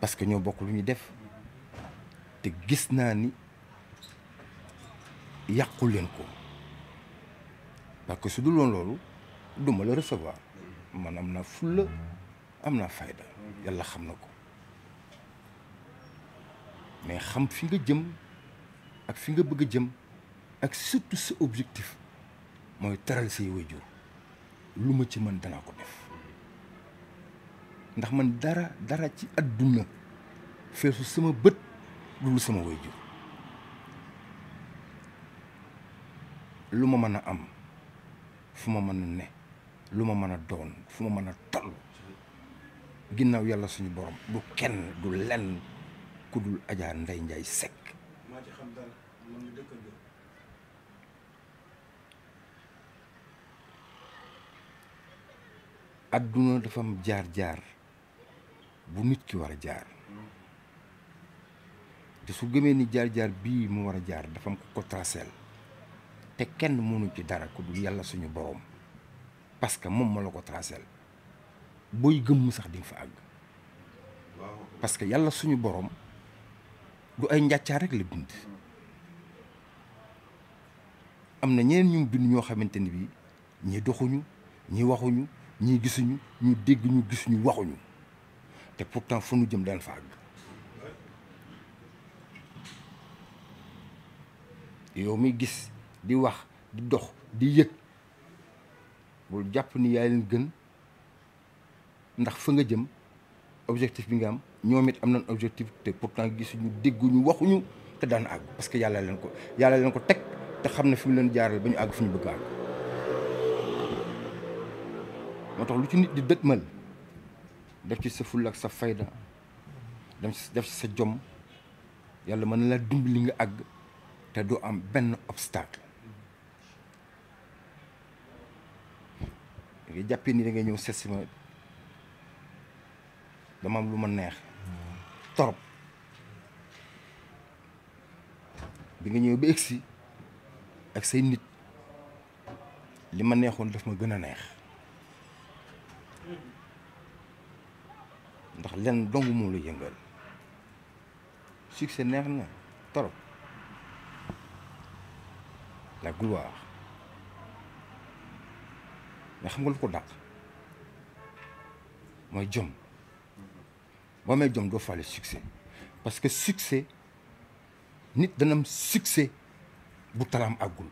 parce que ñoo bokk lu ñuy def te gis naa ni yàqu leen ko parce que su dul woon loolu du ma la recevoir man am naa fulla am naa fayda yàlla xam na ko mais xam fi nga jëm ak fi nga bëgg a jëm ak surtout sa objectif mooy taral say waajur lu ma ci mën danaa ko def ndax man dara dara ci àdduna feesu sama bët dul sama waajur lu ma mën a am fu ma mën a ne lu ma mën a doon fu ma mën a toll ginnaaw yàlla suñu borom du kenn du lenn ku dul Adja Ndeye Ndiaye Seck adduna dafa jaar-jaar bu nit ki war a jaar te su gëmee ni jaar-jaar bii mu war a jaar dafa am ko traceel te kenn mënu ci dara ku dul yàlla suñu borom parce que moom moo la ko traceel booy gëmm sax di nga fa àgg parce que yàlla suñu borom du ay njàccaar rek la bind am na ñeneen ñu bind ñoo xamante ni bi ñii doxuñu ñi waxuñu ñii gisuñu ñu dégg ñu gis waxuñu te pourtant fu nu jëm daan fa àgg yow mi gis di wax di dox di yëg bul jàpp ni yaa leen gën ndax fa nga jëm objectif bi nga am ñoom it am nañ objectif te pourtant gisuñu dégguñu waxuñu te daan àgg parce que yàlla leen ko yàlla leen ko teg te xam na fi mu leen jaaral ba ñu àgg fu ñu bëgg moo tax lu ci nit di dëtmal def ci sa fulla ak sa fayda def ci sa jom yàlla mën na la dimbali nga àgg te du am benn obstacle nga jàppee nii da ngay ñëw seet si ma dama am lu ma neex torop bi nga ñëw ba egsi ak say nit li ma neexoon daf ma gën a neex ndax lenn dong moo la yëngal succès neex na torop la gloire mais xam nga lu ko dàq mooy jom boo may jom doo faale succès parce que succès nit danam succès bu talaam àggul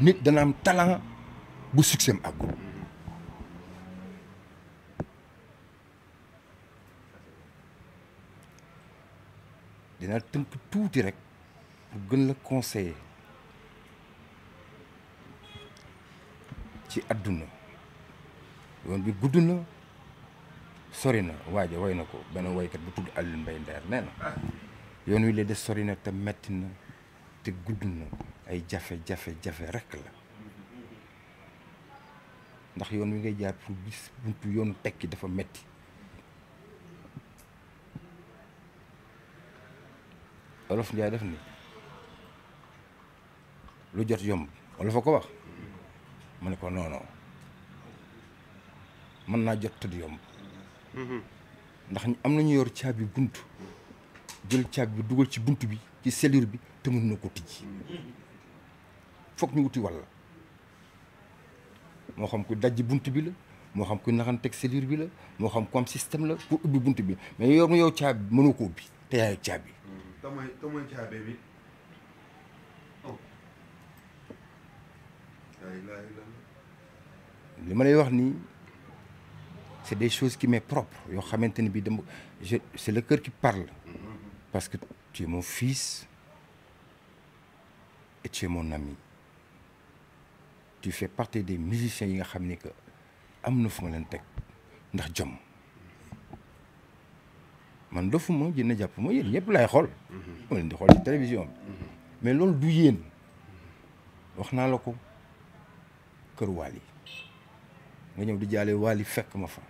nit dana am talent bu succès am àggul dinaa tënk tuuti rek pour gën la conseiller ci àdduna yoon bi sori na waaja woy na ko benn waykat bu tudd Alioune Mbaye Nder nee na yoon wi la des sori na te metti na te gudd na ay jafe-jafe jafe rek la ndax yoon wi ngay jaar fu gis buntu yoonu tekki dafa metti olof Ndiaye def ni lu jot yomb wala fa ko wax mu ne ko non mën naa jot tëdd yomb ndax am na ñu yor caabi bunt jël caabi bi dugal ci bunt bi ci cellule bi te mën na ko tijji foog ñu wuti walla moo xam ku dajji bunt bi la moo xam ku naxanteeg cellule bi la moo xam ku am système la pour ubbi bunt bi mais yor na yow caabi bi mënoo ko ubbi te yaayu caabi. caabi bi. Oh. li ma lay wax nii. c'est des choses ki m'est propre yoo xamante ne bii dama je c'est le cœur qui parle parce que tu es mon fils et tu es mon ami tu fais partie des musiciens yi nga xam ni que am na fu ma leen teg ndax jomm man dofuma jënd jàpp ma yéen ñëpp laay xool ma leen di xool ci télévision mais loolu du yéen wax naa la ko kër Waly nga ñëw du jaale Waly fekk ma fa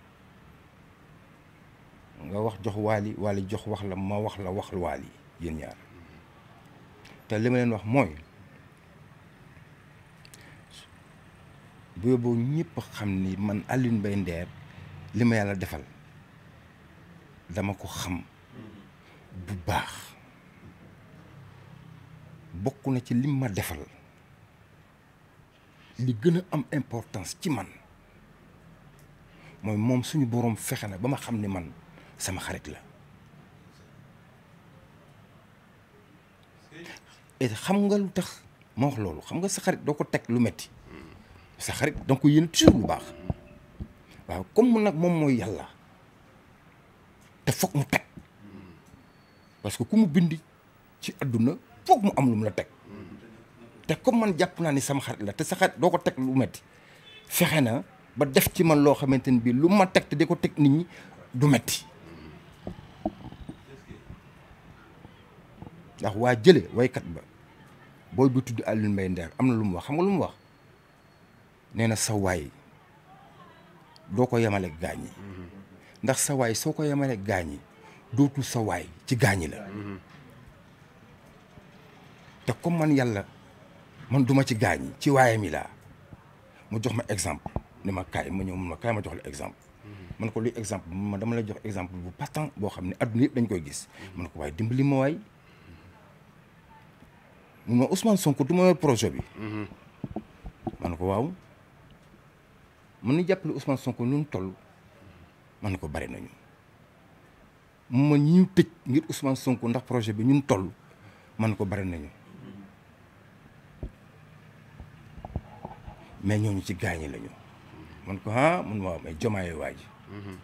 nga wax jox waali waali jox wax la ma wax la wax waali yéen ñaar te li ma leen wax mooy bu yóbboo ñëpp xam ni man Alioune Mbaye Nder li ma yàlla defal dama ko xam bu baax bokk na ci lim ma defal li gën a am importance ci man mooy moom suñu boroom fexe na ba ma xam ni man sama xarit la xam nga lu tax ma wax loolu xam nga sa xarit doo ko teg lu metti sa xarit danga ko yéene toujours lu baax waaw comme mu nag moom mooy yàlla te foog mu teg parce que ku mu bindi ci àdduna foog mu am lu mu la teg te comme man jàpp naa ni sama xarit la te sa xarit doo ko teg lu metti fexe na ba def ci man loo xamante ni bii lu ma teg te di ko teg nit ñi du metti ndax waa jële waykat ba booy bu tudd Alioune Mbaye Nder am na lu mu wax xam nga lu mu wax nee na sa waay doo ko yemale gaañ yi mm-hmm. ndax sa waay soo ko yemale gaañi yi dootul sa waay ci gaañi la mm-hmm. te comme man yàlla man duma ci gaañ ci waayam yi laa mu jox ma exemple ni ma kaay ma ñëw mun ma kaay ma jox la exemple mm-hmm. man ko luy exemple ma dama la jox exemple bu patent boo xam ne adduna yëpp dañ koy gis man ko waay dimbali ma waay mu ma Ousmane Sonko du ma yor projet bi. Mhm. ma ne ko waaw mën na jàppale Ousmane Sonko ñun toll ma ne ko bari nañu mu ma ñu tëj ngir Ousmane Sonko ndax projet bi ñun toll ma ne ko bari nañu mais ñooñu ci gaañi lañu man ko ah mun ma may jomaay waa ji mhm.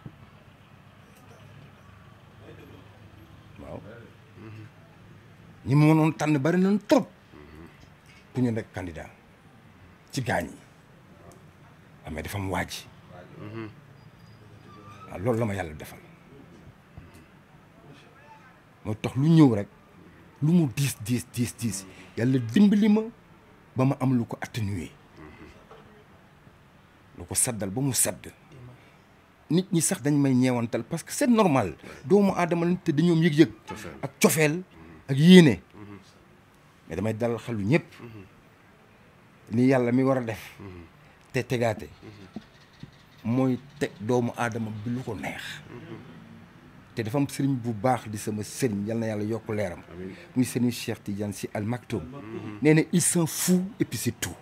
waaw ma mhm. mënoon tànn bari na trop. ku ñu nekk candidat ci gaañ yi amee ah, dafa am waaj waaw mhm. ah, loolu la ma yàlla defal moo tax lu ñëw rek lu mu diis diis diis diis yàlla dimbali ba ma am lu ko atténuer lu ko saddal ba mu sadd nit ñi sax dañ may ñeewantal parce que c'est normal doomu aadama te dañoom yëg-yëg ak cofeel ak yéene mais damay dalal xelu ñëpp ni mm-hmm. yàlla mi war a def mm-hmm. te tegaate mm-hmm. mooy teg doomu aadama bi lu te dafa am sëriñ bu baax di sama sëriñ yal na yàlla yokk leeram muy sëriñ Cheikh Tidiane Sy Al Maktoum nee na il s'en fout et puis c'est tout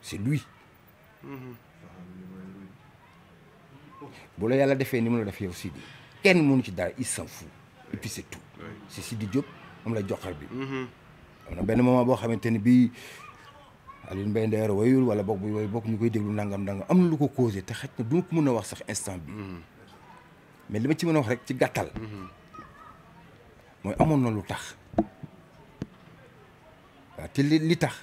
wax lui bu la yàlla defee ni mu la def yow Sidi kenn mënu ci dara il s'en fout et puis si tout c'est Sidi Diop la joxar bi mm-hmm. am na benn moment boo xamante ni bii Alioune Mbaye Nder wayul wala bokk bu way bokk ñu koy déglu nangam nangam am lu ko causé te xaj na du ma ko mën a wax sax instant bi mm-hmm. mais li ma ci mën a wax rek ci gàttal mm-hmm. mooy amoon na lu tax waaw te li li tax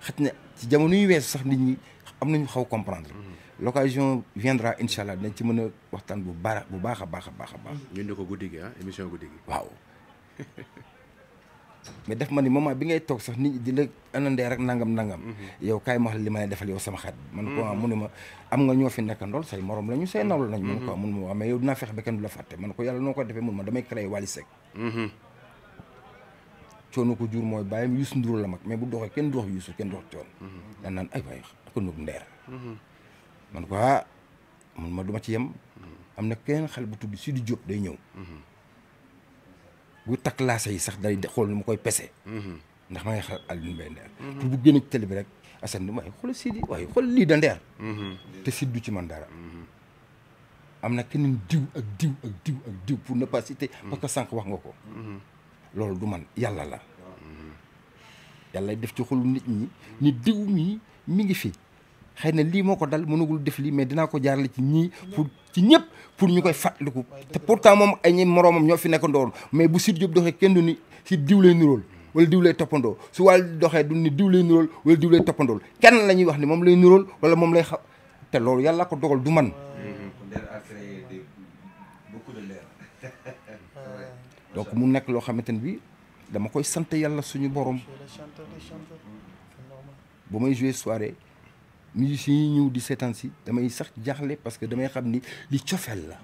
xaj na ci jamono yu wees sax nit ñi am nañu xaw comprendre l'occasion viendra incha allah dinañ ci mën a waxtaan bu bara bu baax a baax a baax a baax. ñu ne ko guddi gi ah émission guddi gi. waaw mais daf ma ni moment bi ngay toog sax nit ñi di la anandee rek nangam nangam. Mhm. yow kaay ma wax li ma ne defal yow sama xarit. man ko mhm. mu ne ma am nga ñoo fi nekkandool say morom lañu say nawlu lañ. man ko mhm. mun ma wax mais yow dinaa fex ba kenn du la fàtte man ko yàlla noo ko defee mun ma damay créé Wally Seck. coono ko jur mooy bàyyam Youssou Ndour la mag mais bu doxee kenn du wax Youssou kenn du wax coono. daan naan ay waay ak ndeer man ko ah man ma du ma ci yem mm-hmm. am na kenn xale bu tudd Sidi Diop day ñëw mm-hmm. bu takk laasa yi sax day xool nu ma koy pese mm-hmm. ndax ma ngi xel Alioune Mbaye Nder pour bu génn ci télé bi rek Assane du xool lii da Nder te Sidi du ci man dara am na kenn diw ak diw ak diw ak diw pour ne pas citer parce sànq wax nga ko loolu du man yàlla la yàlla def ci xolu nit ñi ni diw mii mi ngi fi xëy na lii moo ko dal mënagul def lii mais dinaa ko jaarale ci ñii pour ci ñëpp pour ñu koy fàttaliku te pourtant moom ay ñi moroomam ñoo fi nekk ndoor mais bu Sidy Diop doxee kenn du ni si diw lay nirool wala diw lay toppandoo su wàll doxee du ni diw lay nirool wala diw kenn la ñuy wax ni moom lay nirool wala moom lay xa te loolu yàlla ko dogal du man donc mu nekk loo xamante ne bii dama koy sant yàlla suñu borom ba may jouer soirée musiciens yi ñëw di seetaan si damay sax jaaxle parce que damay xam ni li cofeel la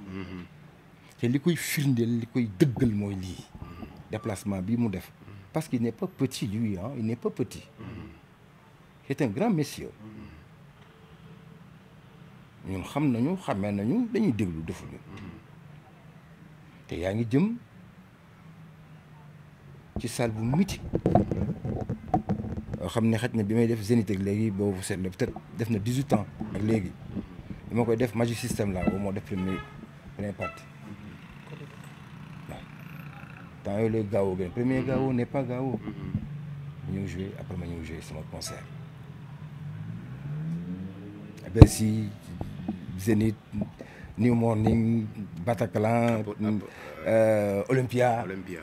te li koy firndeel li koy dëggal mooy lii déplacement bi mu def parce qu'il n'est pas petit lui ah il n'est pas petit c'est xam nañu xamee nañu dañuy déglu defuñu te yaa ngi jëm ci salle bu mythique xam ne xaj na bi may def Zénith ak léegi boobu seet la peut def na dix huit ans ak léegi dama koy def Magic System la boobu moo def premier première partie waaw temps yooyu lay gaawoo gën premier gaawoo n'est pas gaawoo ñu ñëw joué après ma ñëw joué sama concert Bercy Zénith New Morning Bataclan euh, Olympia Olympia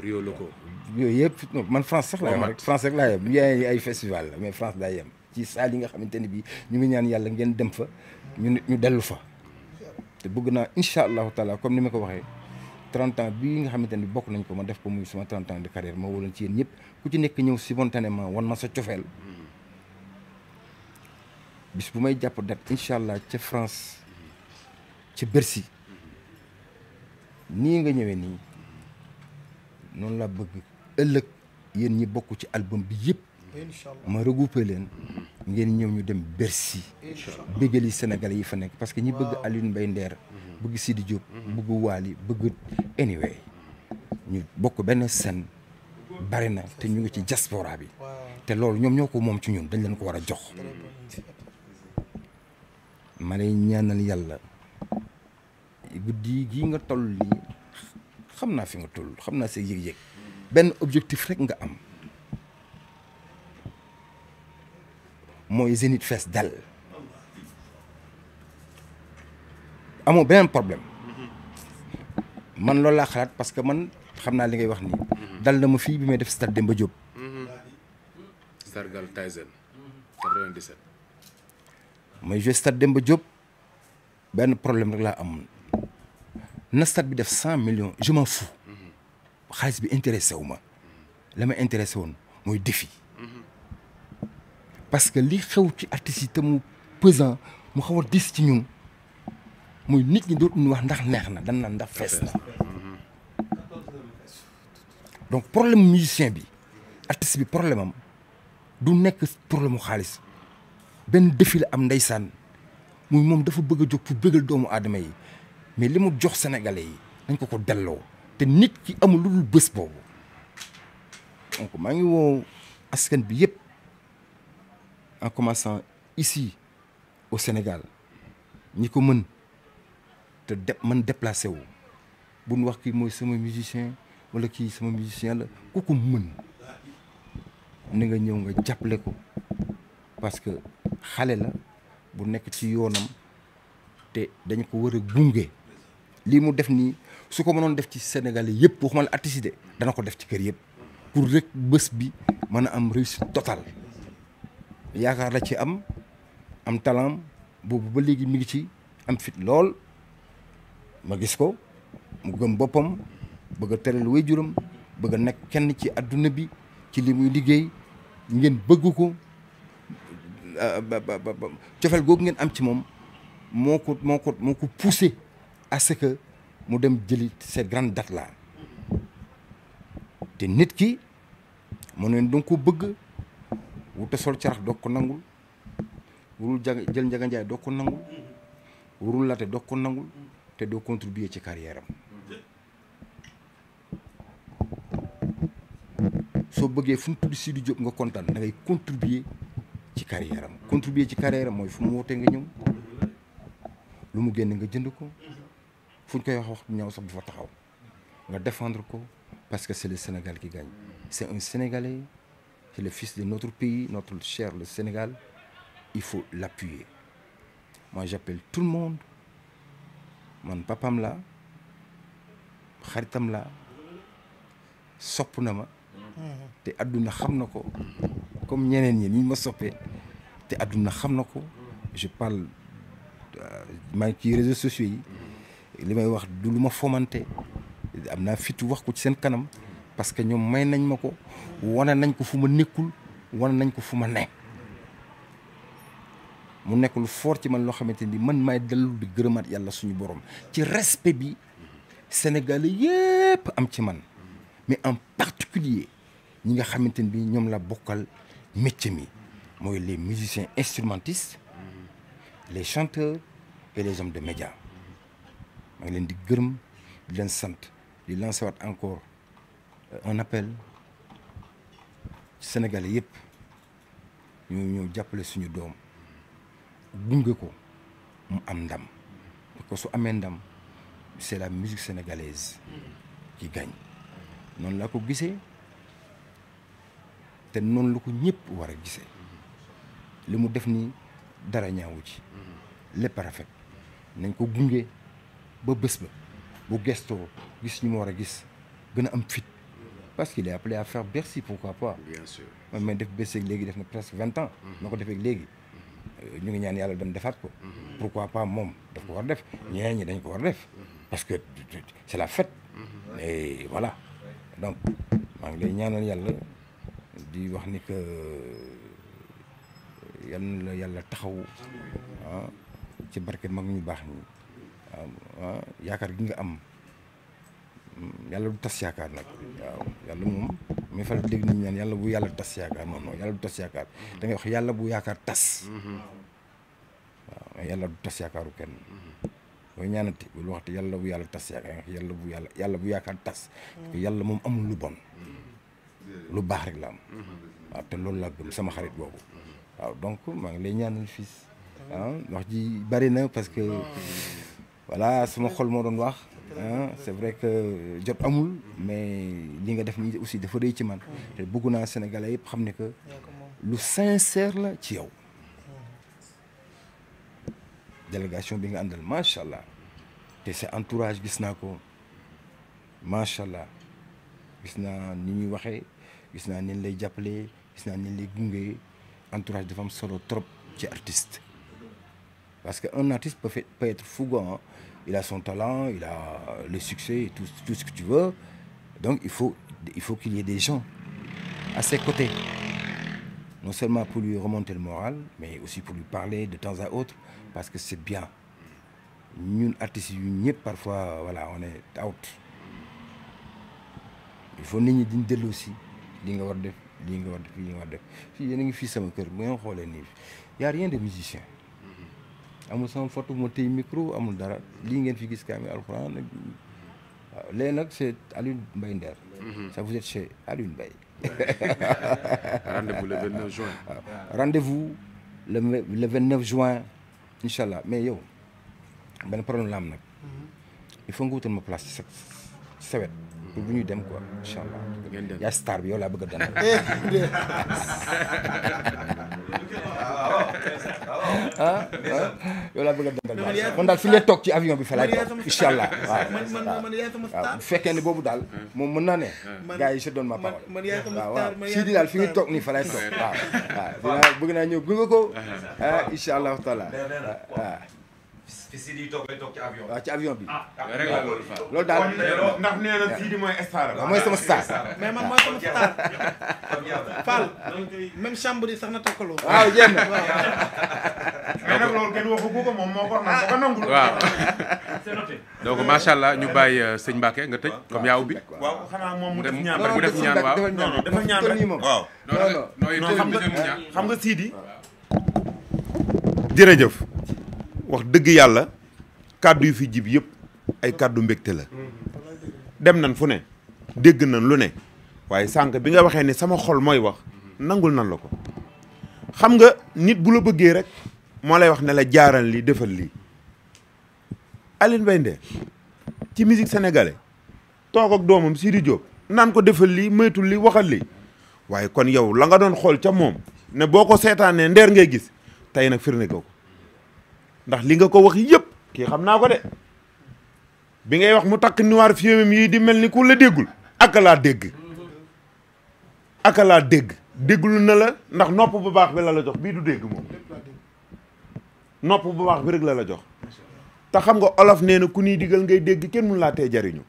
Rio Loco yooyu yëpp fitna man France sax laa yem France rek laa yem yaay ay festival la mais France laa yem ci saal yi nga xamante ne bii ñu ngi ñaan yàlla ngeen dem fa ñu ñu dellu fa te bëgg naa incha allahu taala comme ni ma ko waxee 30 bi bii nga xamante ne bokk nañ ko ma def ko muy sama 30 ans de carrière ma wóoloon ci yéen ñëpp ku ci nekk ñëw spontanément wan ma sa cofeel bis bu may jàpp date incha allah ca France ca Bercy nii nga ñëwee nii noonu laa bëgg ëllëg yéen ñi bokk ci album bi yëpp ma regroupé leen ngeen ñëw ñu dem Bercy béggali senegal yi fa nekk parce que ñi bëgg Alioune Mbaye Nder mhm. bëgg Sidi Diop mhm. bëgg Waly bëgg anyway ñu bokk benn scène bari na te ñu ngi ci diaspora bi te loolu ñoom ñoo ko moom ci ñun dañ leen ko war a jox ma lay ñaanal yàlla guddi gii nga toll nii xam naa fi nga toll xam naa sa yëg-yëg benn objectif rek nga am mooy Zénith fees dal amoo beneen problème man loolu laa xalaat parce que man xam naa li ngay wax ni dal na ma fii bi may def stade Demba Diop. Sargal Tyson 97. may joué stade Demba Diop benn problème rek laa am na stade bi def cent millions je xaalis bi intéressé wu ma la ma intéressé woon mooy défi parce que li xew ci artistes yi te mu pesant mu xaw a dis ci ñun mooy nit ñi dootuñu wax ndax neex na dan naan ndax fees na donc problème musicien bi artiste bi problème am du nekk problème mu xaalis benn défi la am ndeysaan muy moom dafa bëgg a jóg pour bëggal doomu aadama yi mais li mu jox sénégalais yi dañ ko ko delloo te nit ki amul lu dul bés boobu donc maa ngi woo askan bi yëpp en commençant ici au Sénégal ñi ko mën te de mën déplacé wu bu ñu wax kii mooy sama musicien wala kii sama musicien la ku ko mën ni nga ñëw nga jàppale ko parce que xale la bu nekk ci yoonam te dañ ko war a gunge lii mu def nii. su ko mënoon def ci Sénégalais yëpp waxuma la artiste de dana ko def ci kër yëpp pour rek bës bi mën a am réussite total yaakaar la ci am am talent boobu ba léegi mi ngi ci am fit lool ma gis ko mu gëm boppam bëgg a teral waajuram bëgg a nekk kenn ci adduna bi ci li muy liggéey ngeen bëgg ko euh, cofeel googu ngeen am ci moom moo ko moo ko moo ko poussé à que mu dem jëli cette grande date là te nit ki mu ne danga ko bëgg wuta sol carax doog ko nangul wurul ja jël njaganjaay doog ko nangul wurul late doog ko nangul te doo contribuer ci carrière soo bëggee fu mu tudd du Diop nga kontaan da ngay contribuer ci carrière am ci carrière mooy fu mu wootee nga ñëw lu mu génne nga jënd ko fu ñu koy wax wax ñaaw sax bu fa taxaw nga défendre ko parce que c'est le Sénégal qui gagne c'est un Sénégalais c'est le fils de notre pays notre cher le Sénégal il faut l'appuyer moi j'appelle tout le monde man papam la xaritam la sopp na ma te adduna xam na ko comme ñeneen ñi ni ma soppee te adduna xam na ko je parle euh, maa ngi ci réseaux sociaux yi li may wax du ma fomante am naa fit wax ko ci seen kanam parce que ñoom may nañ ma ko wane nañ ko fu ma nekkul wane nañ ko fu ma ne mu nekkul foor ci man loo xamante bi man maay dellu di gërëmaat yàlla suñu borom ci respect bi sénégalais yëpp am ci man mais en particulier ñi nga xamante ni bi ñoom la bokkal métier mi mooy les musiciens instrumentistes les chanteurs et les hommes de médias maa ngi leen di gërëm di leen sant di lancer waat encore euh, un appel Sénégalais yëpp ñu ñëw jàppale suñu doom gunge ko mu am ndam parce que su amee ndam c'est la musique sénégalaise qui gagne noonu laa ko gisee te noonu la ko ñëpp war a gisee li mu def nii dara ñaawu ci lépp rafet nañ ko gunge. ba bés ba bu gestoo gis ñu mu war a gis gën a am fit parce que qu'il est appelé à faire Bercy pourquoi pas. bien sûr mais def Bercy léegi def na presque vingt ans. Mm-hmm. na ko defee léegi. Euh, ñu ngi ñaan yàlla dem defaat ko. Mm-hmm. pourquoi pas moom def ko war def mm-hmm. ñeneen ñi dañ ko war def. parce que c'est la fête. et voilà donc maa ngi lay ñaanal yàlla di wax ni que yal na yàlla taxaw ah ci barke mag ñu baax ñi. Ah, yaakaar gi nga am yàlla du tas yaakaar nag yàlla moom mi fa dégg nit ñi yàlla bu yàlla tas yaakaar non non du tas yaakaar da ngay yàlla bu yaakaar tas mhm. yàlla du tas kenn mhm. booy ñaanati bul waxte yàlla yàlla tas yaakaar bu yàlla yàlla bu yaakaar tas mhm. yàlla moom amul lu bon lu baax rek la am te loolu laa gëm sama xarit boobu donc maa ngi lay ñaanal fils ah, wax ji bari na parce que voilà suma xol moo doon wax c'est vrai que jot amul mais li nga def nii aussi dafa rëy ci man bugg naa sénégalais yëpp xam ne que lu sincère la ci yow délégation bi nga àndal macha allah te sa entourage gis naa ko macha allah gis naa ni ñuy waxee gis naa ni lay jàppale gis naa ni lay gunge entourage dafa am solo trop ci artiste Parce qu'un artiste peut, fait, peut, être fouguant. Hein. Il a son talent, il a le succès, et tout, tout ce que tu veux. Donc il faut qu'il faut qu y ait des gens à ses côtés. Non seulement pour lui remonter le moral, mais aussi pour lui parler de temps à autre, parce que c'est bien. Nous, artistes, parfois, voilà, on est out. il faut nit ñi diñ dellu si li nga war def li nga war def li nga war def fii yéen a ngi fii sama kër bu ngeen xoolee nii y a rien de musicien amul sama photo ma téy amul dara lii ngeen fi gis kaamil alxuraan nag waaw léegi nag c' Nder. Mhm. ça vous êtes chez Alioune Mbaye. rendez le juin. waaw rendez le le 29 juin incha allah mais yow benn problème la am nag. Mhm. ma place ci pour bu ñuy dem quoi incha allah. ngeen dem yaa star bi yow laa bëgg a dana. Ah, ah yow daal fi toog ci avion bi fa toog incha bu fekkee ne boobu daal moom mën naa ne. gars yi je donne ma parole. sii di daal fi toog nii fa laay toog waaw waaw dinaa bëgg naa ñëw gunge ah, taala ah, fi ci avion bi. loolu fa loolu daal ndax nee na mooy star la. mooy sama star. mais man mooy sama star. Fall même chambre sax na takkaloo. waaw jéem na mais moom moo ko wax ko waaw donc macha allah ñu bàyyi sëñ Mbacke nga tëj comme yaa ubbi. waaw xanaa moom mu def ñaan mu ñaan waaw non non dafa ñaan waaw. xam nga Sidi. jërëjëf. wax dëgg yàlla kàddu yu fi jib yëpp ay kàddu mbégte la dem nan fu ne dégg nan lu ne waaye sànq bi nga waxee ni sama xol mooy wax nangul nan la ko xam nga nit bu la bëggee rek moo lay wax ne la jaaral lii defal lii Aline Mbaye Nder ci musique sénégalais toog ak doomam Sidi Diop naan ko defal lii moytul lii waxal lii waaye kon yow la nga doon xool ca moom ne boo ko seetaanee ndeer ngay gis tey nag firnde ko ndax li nga ko wax yëpp kii xam naa ko de bi ngay wax mu takk niwaar fiimam yi di mel ni ku la déggul aka laa dégg aka dégg déggul na la ndax nopp bu baax bi la la jox bii du dégg moom nopp bu baax bi rek la la jox te xam nga olof nee na ku ñuy digal ngay dégg kenn mun laa tee jariñu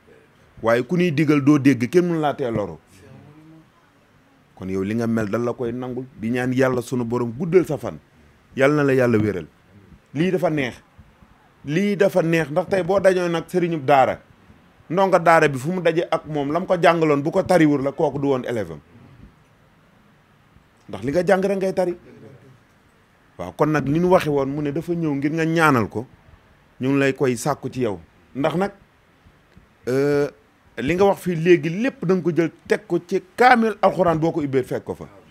waaye ku ñuy digal doo dégg kenn mun laa tee loru kon yow li nga mel dal la koy nangul bi ñaan yàlla sunu borom guddal sa fan yàlla na la yàlla wéral lii dafa neex lii dafa neex ndax tey boo dañoo nag sëriñu daara ndonga daara bi fu mu dajee ak moom lam ko jàngaloon bu ko tariwul la kooku du woon élève ndax li nga jàng rek ngay tari waaw kon nag li ñu waxe woon mu ne dafa ñëw ngir nga ñaanal ko ñu lay koy sàkku ci yow ndax nag euh, li nga wax fii léegi lépp da nga ko jël teg ko ci kaamil alxuraan boo ko ubbee fekk ko fa